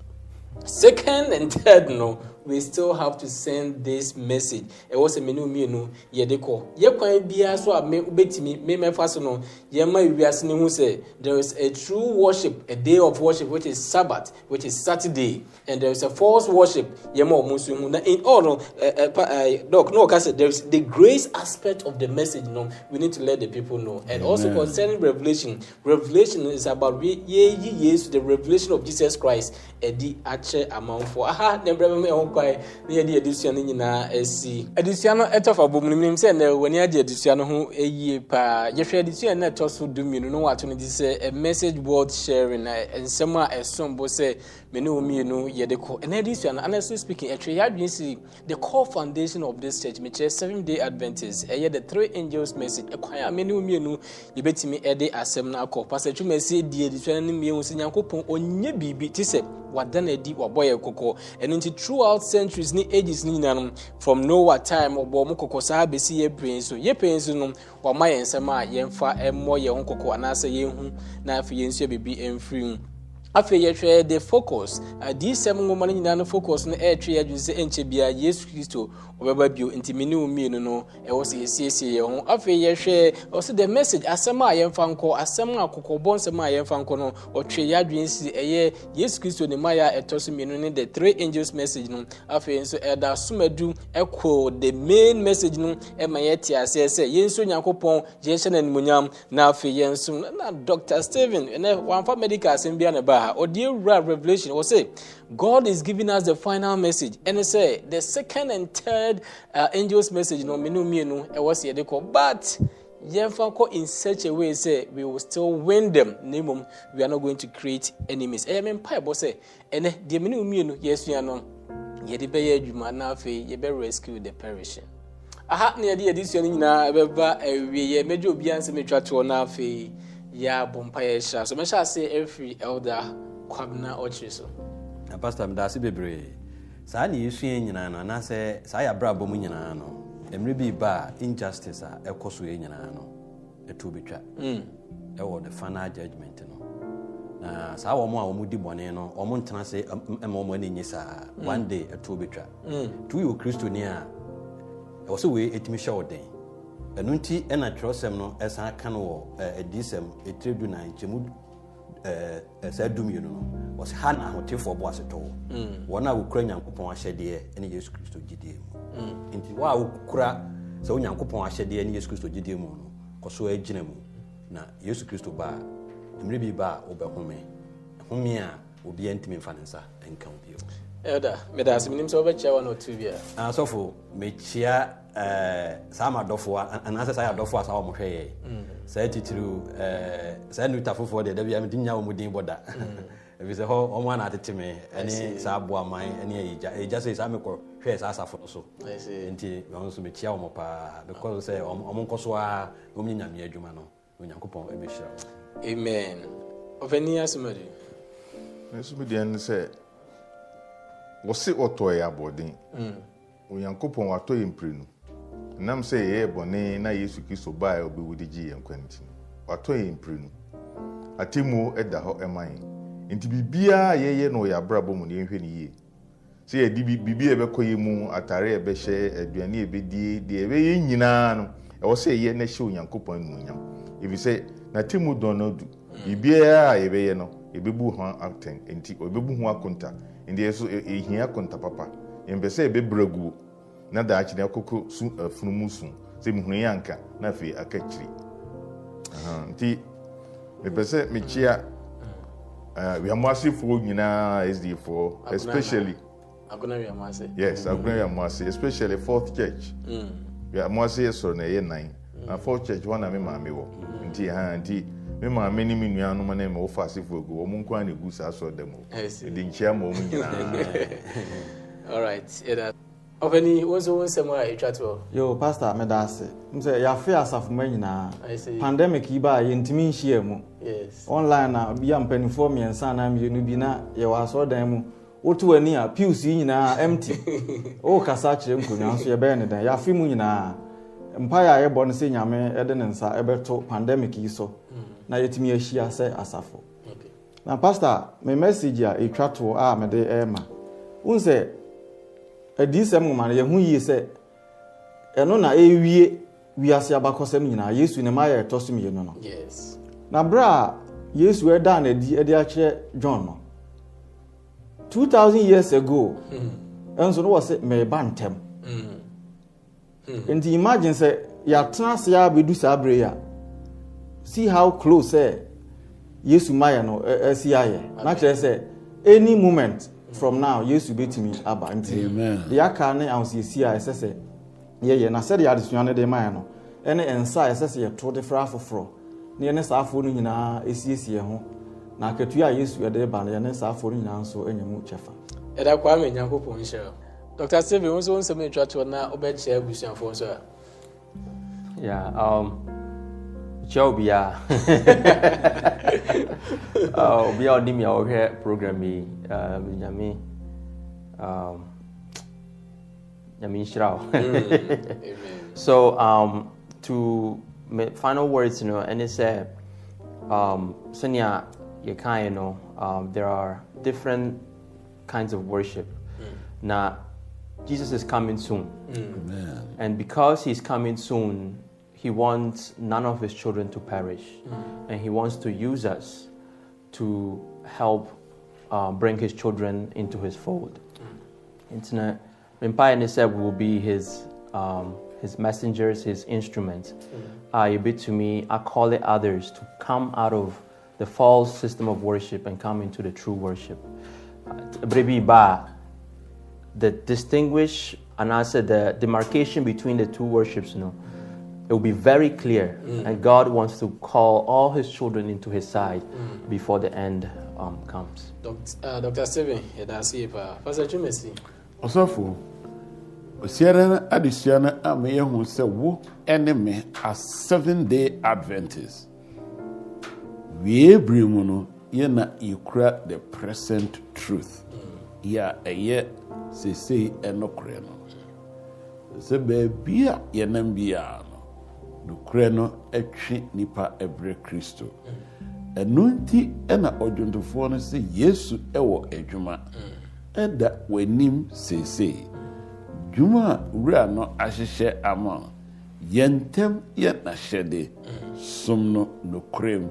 second and third no we still have to send this message ɛwɔ sɛ mene mmienu yɛde kɔ yɛ kwan biara so a wobɛtumi memɛfa so no yɛma wiase no hu sɛ there is a true worship a day of worship which is sabbath which is saturday and there is a false worship yɛma ɔmo nso hu na in all uh, uh, uh, no dɔk na ɔka sɛ there is the grace aspect of the message no we need to let the people know and Amen. also concerning revelation revelation is about yɛyi yesu the revelation of jesus christ ɛdi akyɛ amanfo. aha na mbrɛ mɛmɛ ɛho kwae ne yɛde adesua no nyinaa asi adesua no ɛtɔfa bɔ munimnim sɛ nnɛ w'ani agye adesua no ho yie paa yɛhwɛ adesua no ɛtɔ so du mmienu no wɔato no di sɛ message world sharing nsɛm a ɛsom bo sɛ me ne wo mmienu yɛde kɔ ɛnɛ adesua no honestly speaking ɛtwerɛ yɛ adwene si the core foundation of this church mekyerɛ seven day adventist ɛyɛ the three angels message ɛkwan a me ne wo mmienu yɛbɛtumi ɛde asɛm no akɔ pasɛ twuma si di adesua no no mmienu sɛ nyankopɔn ɔnyɛ biribi te sɛ wada no adi wabɔ yɛ kɔkɔ ɛno nti throughout fourth centuries ne ages ne nyinaa no from noah time ɔbɔ ɔmo kɔkɔ saa bɛsi yɛ pɛn so yɛ pɛn so no wɔama yɛn nsɛm a yɛmfa ɛmmɔ yɛn ho kɔkɔ anaasɛ yɛn ho na afei yɛn nso yɛ biribi mfiri mu afei yɛhwɛ de focus adiisɛm uh, nwoma no nyinaa no focus no ɛretwe yɛadwene sɛ ɛnkyɛ biara yesu kristo ɔbɛba bio nti me ne wo mmienu no ɛwɔ sɛ yɛsiesie yɛn ho afei yɛhwɛ ɔsɛ the message asɛm a yɛmfa nkɔ asɛm a kɔkɔbɔ nsɛm a yɛmfa nkɔ no ɔtwe yɛadwene si ɛyɛ yesu kristo ne mmaa a ɛtɔ so mmienu ne the three angels message no afei nso ɛda somadu ɛkɔ the main message no ɛma yɛte aseɛ sɛ yɛn nso nyankopɔn yɛnhyɛ no animonyam na afei yɛn nso na dr steven ɛnɛ wamfa medical asɛm biara ne ba a ɔde ewura revolution wɔ sɛ god is giving us the final message ɛne sɛ the second and third uh, angels message na ɔmenu mmienu ɛwɔ sɛ yɛde kɔ but yɛmfa kɔ in such a way sɛ we will still win them na mmom we are not going to create enemies ɛyɛ eh, me mpaebɔ sɛ ɛnɛ deɛ menu mmienu yɛasua no yɛde bɛyɛ adwuma na afei yɛbɛ rescue the perishing aha ne yɛde yɛde sua no nyinaa ɛbɛba awieɛ mɛgye obiara nsɛm atwa toɔ no afei Ya yɛabɔ mpayɛ hyira so mɛhyɛ ase ɛfiri elda kwabena ɔkyiri so pastor mdaase bebree saa ne yɛsua nyinaa no anaasɛ saa yɛabrɛbɔ mu nyinaa no mmerɛ bi ba a injustice a ɛkɔ so ɛ nyinaa no ɛtu bɛtwa mm. ɛwɔ the final judgment no na saa wɔ m a wɔmdi bɔne no ɔmo ntena se ma ɔm ane nyi saa mm. one day ɛtu bɛtwa nti mm. woyɛ wɔ kristoni a ɛwɔ sɛ wee ɛtumi hyɛ wo den ɛno nti ɛna twerɛsɛm no ɛsan ka no wɔ adisɛm ɛtire du na nkyɛmu saa dumienu no ɔsɛ ha na ahotefoɔ bo asetɔ wɔ mm. wɔn a wɔkura mm. nyankopɔn ahyɛdeɛ ne yesu kristo gyidie mu nti wɔn a wɔkura sɛ onyankopɔn ahyɛdeɛ ne yesu kristo gyidie mu no kɔso agyina mu na yesu kristo ba, mmerɛ bi baa wɔbɛhome home a obiara ntumi mfa ne nsa nka wo bio ɛda meda ase menim sɛ wobɛkyia wa na bi a asɔfo mekyia Eh, saa ma dɔfoɔ anaasɛ saa yɛ adɔfoɔ a saa wɔn hwɛ yɛ saa titiriw eh, saa nuta foforɔ deɛ dabi ɛmi nya wɔn din bɔ da efisɛ mm. hɔ wɔn ana atete mi ɛne saa abo aman ɛne ɛyigya ɛyigya sɛ saa mi kɔ hwɛ saa asafo no so nti wɔn nso mi kyia wɔn paa because sɛ wɔn nkɔ so a wɔn nyɛ nyamea adwuma no onyankopɔn ɛbɛ hyira wɔn. amen ɔfɛni asomadi. asomadi ɛni sɛ wɔsi ɔtɔ yɛ abɔden mm. onyankopɔn watɔ yɛ mprenu. nam sɛ yɛyɛ bɔne na yesu kristo baa a nkwa nti watɔ atemmuo da hɔ ma yɛn nti biribiara a yɛyɛ no ɔyɛ abrabɔ mu na yɛnhwɛ no yie sɛ yɛde biribi a ɛbɛkɔ yɛ mu atare a ɛbɛhyɛ aduane a ɛbɛdie deɛ ɛbɛyɛ nyinaa no ɛwɔ sɛ yɛyɛ na ɛhyɛ onyankopɔn anuonyam ɛfiri sɛ dɔn no adu biribiara a yɛbɛyɛ no ɛbɛbu ho atɛn nti ho akonta nti ɛso ɛhia akonta papa mpɛ sɛ ɛbɛbrɛ guo na daakye na ɛkɔkɔ su afunumu eh, su sɛ mihunu yɛ anka na afei aka kyiri nti mepɛ sɛ mekyia eh, wiamoasefoɔ nyinaa sdfoɔ especially yes agona wiamoase especially fourth church mm. wiamoase yɛ sɔrɔ na ɛyɛ nan na mm. fourth church hɔ na me maame wɔ mm. nti ha nti me maame ne me nuanom ne ma wofa asefoɔ agu wɔn nko ara na egu saa sɔrɔ dɛm o ɛdi nkyia ma wɔn nyinaa. all right. Yeah, that ɔpɛni wɔn nso wɔn nsɛm a atwa to. yo pastor meda ase n sɛ yafe asafoma nyinaa pandemic yi ba yɛntumi nhyia mu online na bi a mpanimfoɔ mmiɛnsa na mmienu bi na yɛwɔ asɔrdan mu wotu w'ani a pills yi nyinaa empty ɔrekasa kyerɛ nkonnwa nso yɛbɛyɛ ne dan yafe mu nyinaa mpaeɛ a yɛbɔ no sɛ nyame ɛde ne nsa ɛbɛto pandemic yi so na yɛtumi ahyia sɛ asafo na pastor ah, me message a ɛtwa toɔ a mede ɛrema eh, wo sɛ adiisɛm nwoma no yɛho yie sɛ ɛno na ɛwie wiase abakɔsɛm nyinaa yesu ne ma yɛ ɛtɔ so mmienu no na berɛ a yesu ɛda n'adi ɛde akyerɛ john no 2000 years ago hmm. ɛnso no wɔ sɛ mɛreba ntɛm hmm. Hmm. nti imagine sɛ yɛatena ase a bɛdu saa berɛ yi a see how close sɛ yesu ma no ɛsi ayɛ na kyerɛ sɛ any moment from now yesu betumi aba nti deɛ aka ne ahosiesie a ɛsɛ sɛ yɛyɛ na sɛdeɛ adesua no de maa no ɛne nsa a ɛsɛ sɛ yɛto de fra afoforɔ na yɛne saa afoɔ no nyinaa esiesie ho na akatua a yesu ɛde ba no yɛne saa afoɔ no nyinaa nso ɛnyɛ mu kyɛfa. ɛda kwa ama nyankopɔn nhyɛ dr steven nso nsɛm etwa toɔ na ɔbɛkyerɛ abusuafoɔ nso a. yeah um. Chobia. Oh, we are dimia okay yami. Um, yami shrao. Mm, so um, to my final words, you know, and it's a uh, um, senya you know um, there are different kinds of worship. Mm. Now, Jesus is coming soon, mm. and because He's coming soon, he wants none of His children to perish. Mm. And He wants to use us to help uh, bring His children into His fold. Mm. Internet, Mimpaya and Niseb will be His. Um, his messengers, his instruments. Mm. Uh, to me, I call it others to come out of the false system of worship and come into the true worship. Uh, Brebi ba, the distinguish and said the demarcation between the two worships. You know, it will be very clear. Mm. And God wants to call all His children into His side mm. before the end um, comes. Dr. Uh, Dr. Stephen, that's it. Pastor Osofo, osiara na adesua na se wo ne a seven day adventist We bere mu no yɛna yɛkura the present truth mm. yɛ a ɛyɛ seesei ɛnokorɛ no sɛ baabi a yɛnam biara nokorɛ no twe nnipa brɛ kristo ɛno nti ɛna ɔdwontofoɔ no sɛ yesu ɛwɔ adwuma ɛda w'anim seesei dwuma a wura no ahyehyɛ ama yɛntɛm yɛ n'ahyɛde som no nokorɛm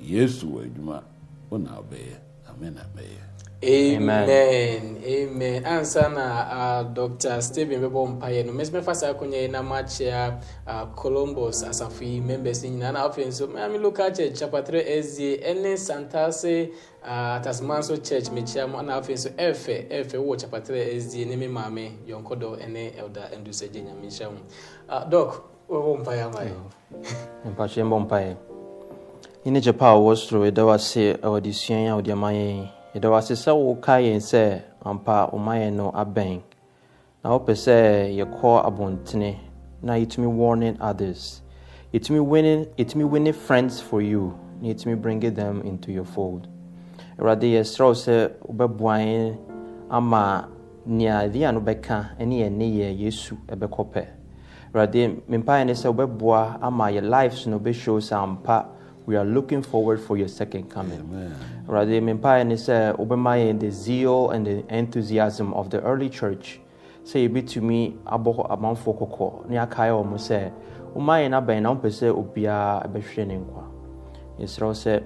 yesu wɔ adwuma wo na wobɛyɛ ame na bɛyɛ amen amen ansa na uh, dr stephen bɛbɔ mpaeɛ no mɛsɛmɛfa saa akonnwa yi na makyea uh, columbus asafo yi members nyinaa na afei nso miami local church three ɛzie ɛne santase uh, tasman so church mekyea mu na afei nso ɛfɛ ɛfɛ wɔ three ɛzie ne me maame yɔnkɔdɔ ɛne elda ndusɛgye nyame nhyɛ mu uh, dɔk wɔbɔ mpaeɛ ama yɛ mpakyɛ mbɔ mpaeɛ ne ne gyepa a wɔwɔ soro ɛda wase awɔdesua yi a wɔde ama yɛn yɛda w ase sɛ woka yɛn sɛ ampa woma yɛn no abɛn na wopɛ sɛ yɛkɔ abɔntene na yɛtumi warning others yɛtumi winning yɛtumi winning friends for you na yɛtumi bringing them into your fold awurade yɛserɛ wo sɛ wobɛboa yɛn ama nea adeɛ a no bɛka ne yɛn nneyɛ yesu ɛbɛkɔ pɛ awurade mempaeɛ ne sɛ wobɛboa ama yɛ lives no wobɛhwɛw sɛ ampa we are looking forward for your second coming. Amen. Right, the and is Obama the zeal and the enthusiasm of the early church. Say it be to me abo amanfo koko ne akaye omo say umaye na ben na mpɛ sɛ obiara bɛhwɛ ne nkwa yɛsrɛ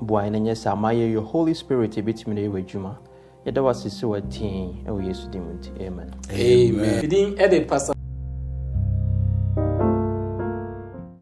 wo your holy spirit ɛbɛtumi no yɛwɔ adwuma yɛda wo ase sɛ wɔatin ɛwɔ yesu din mu nti amen amen, amen. amen.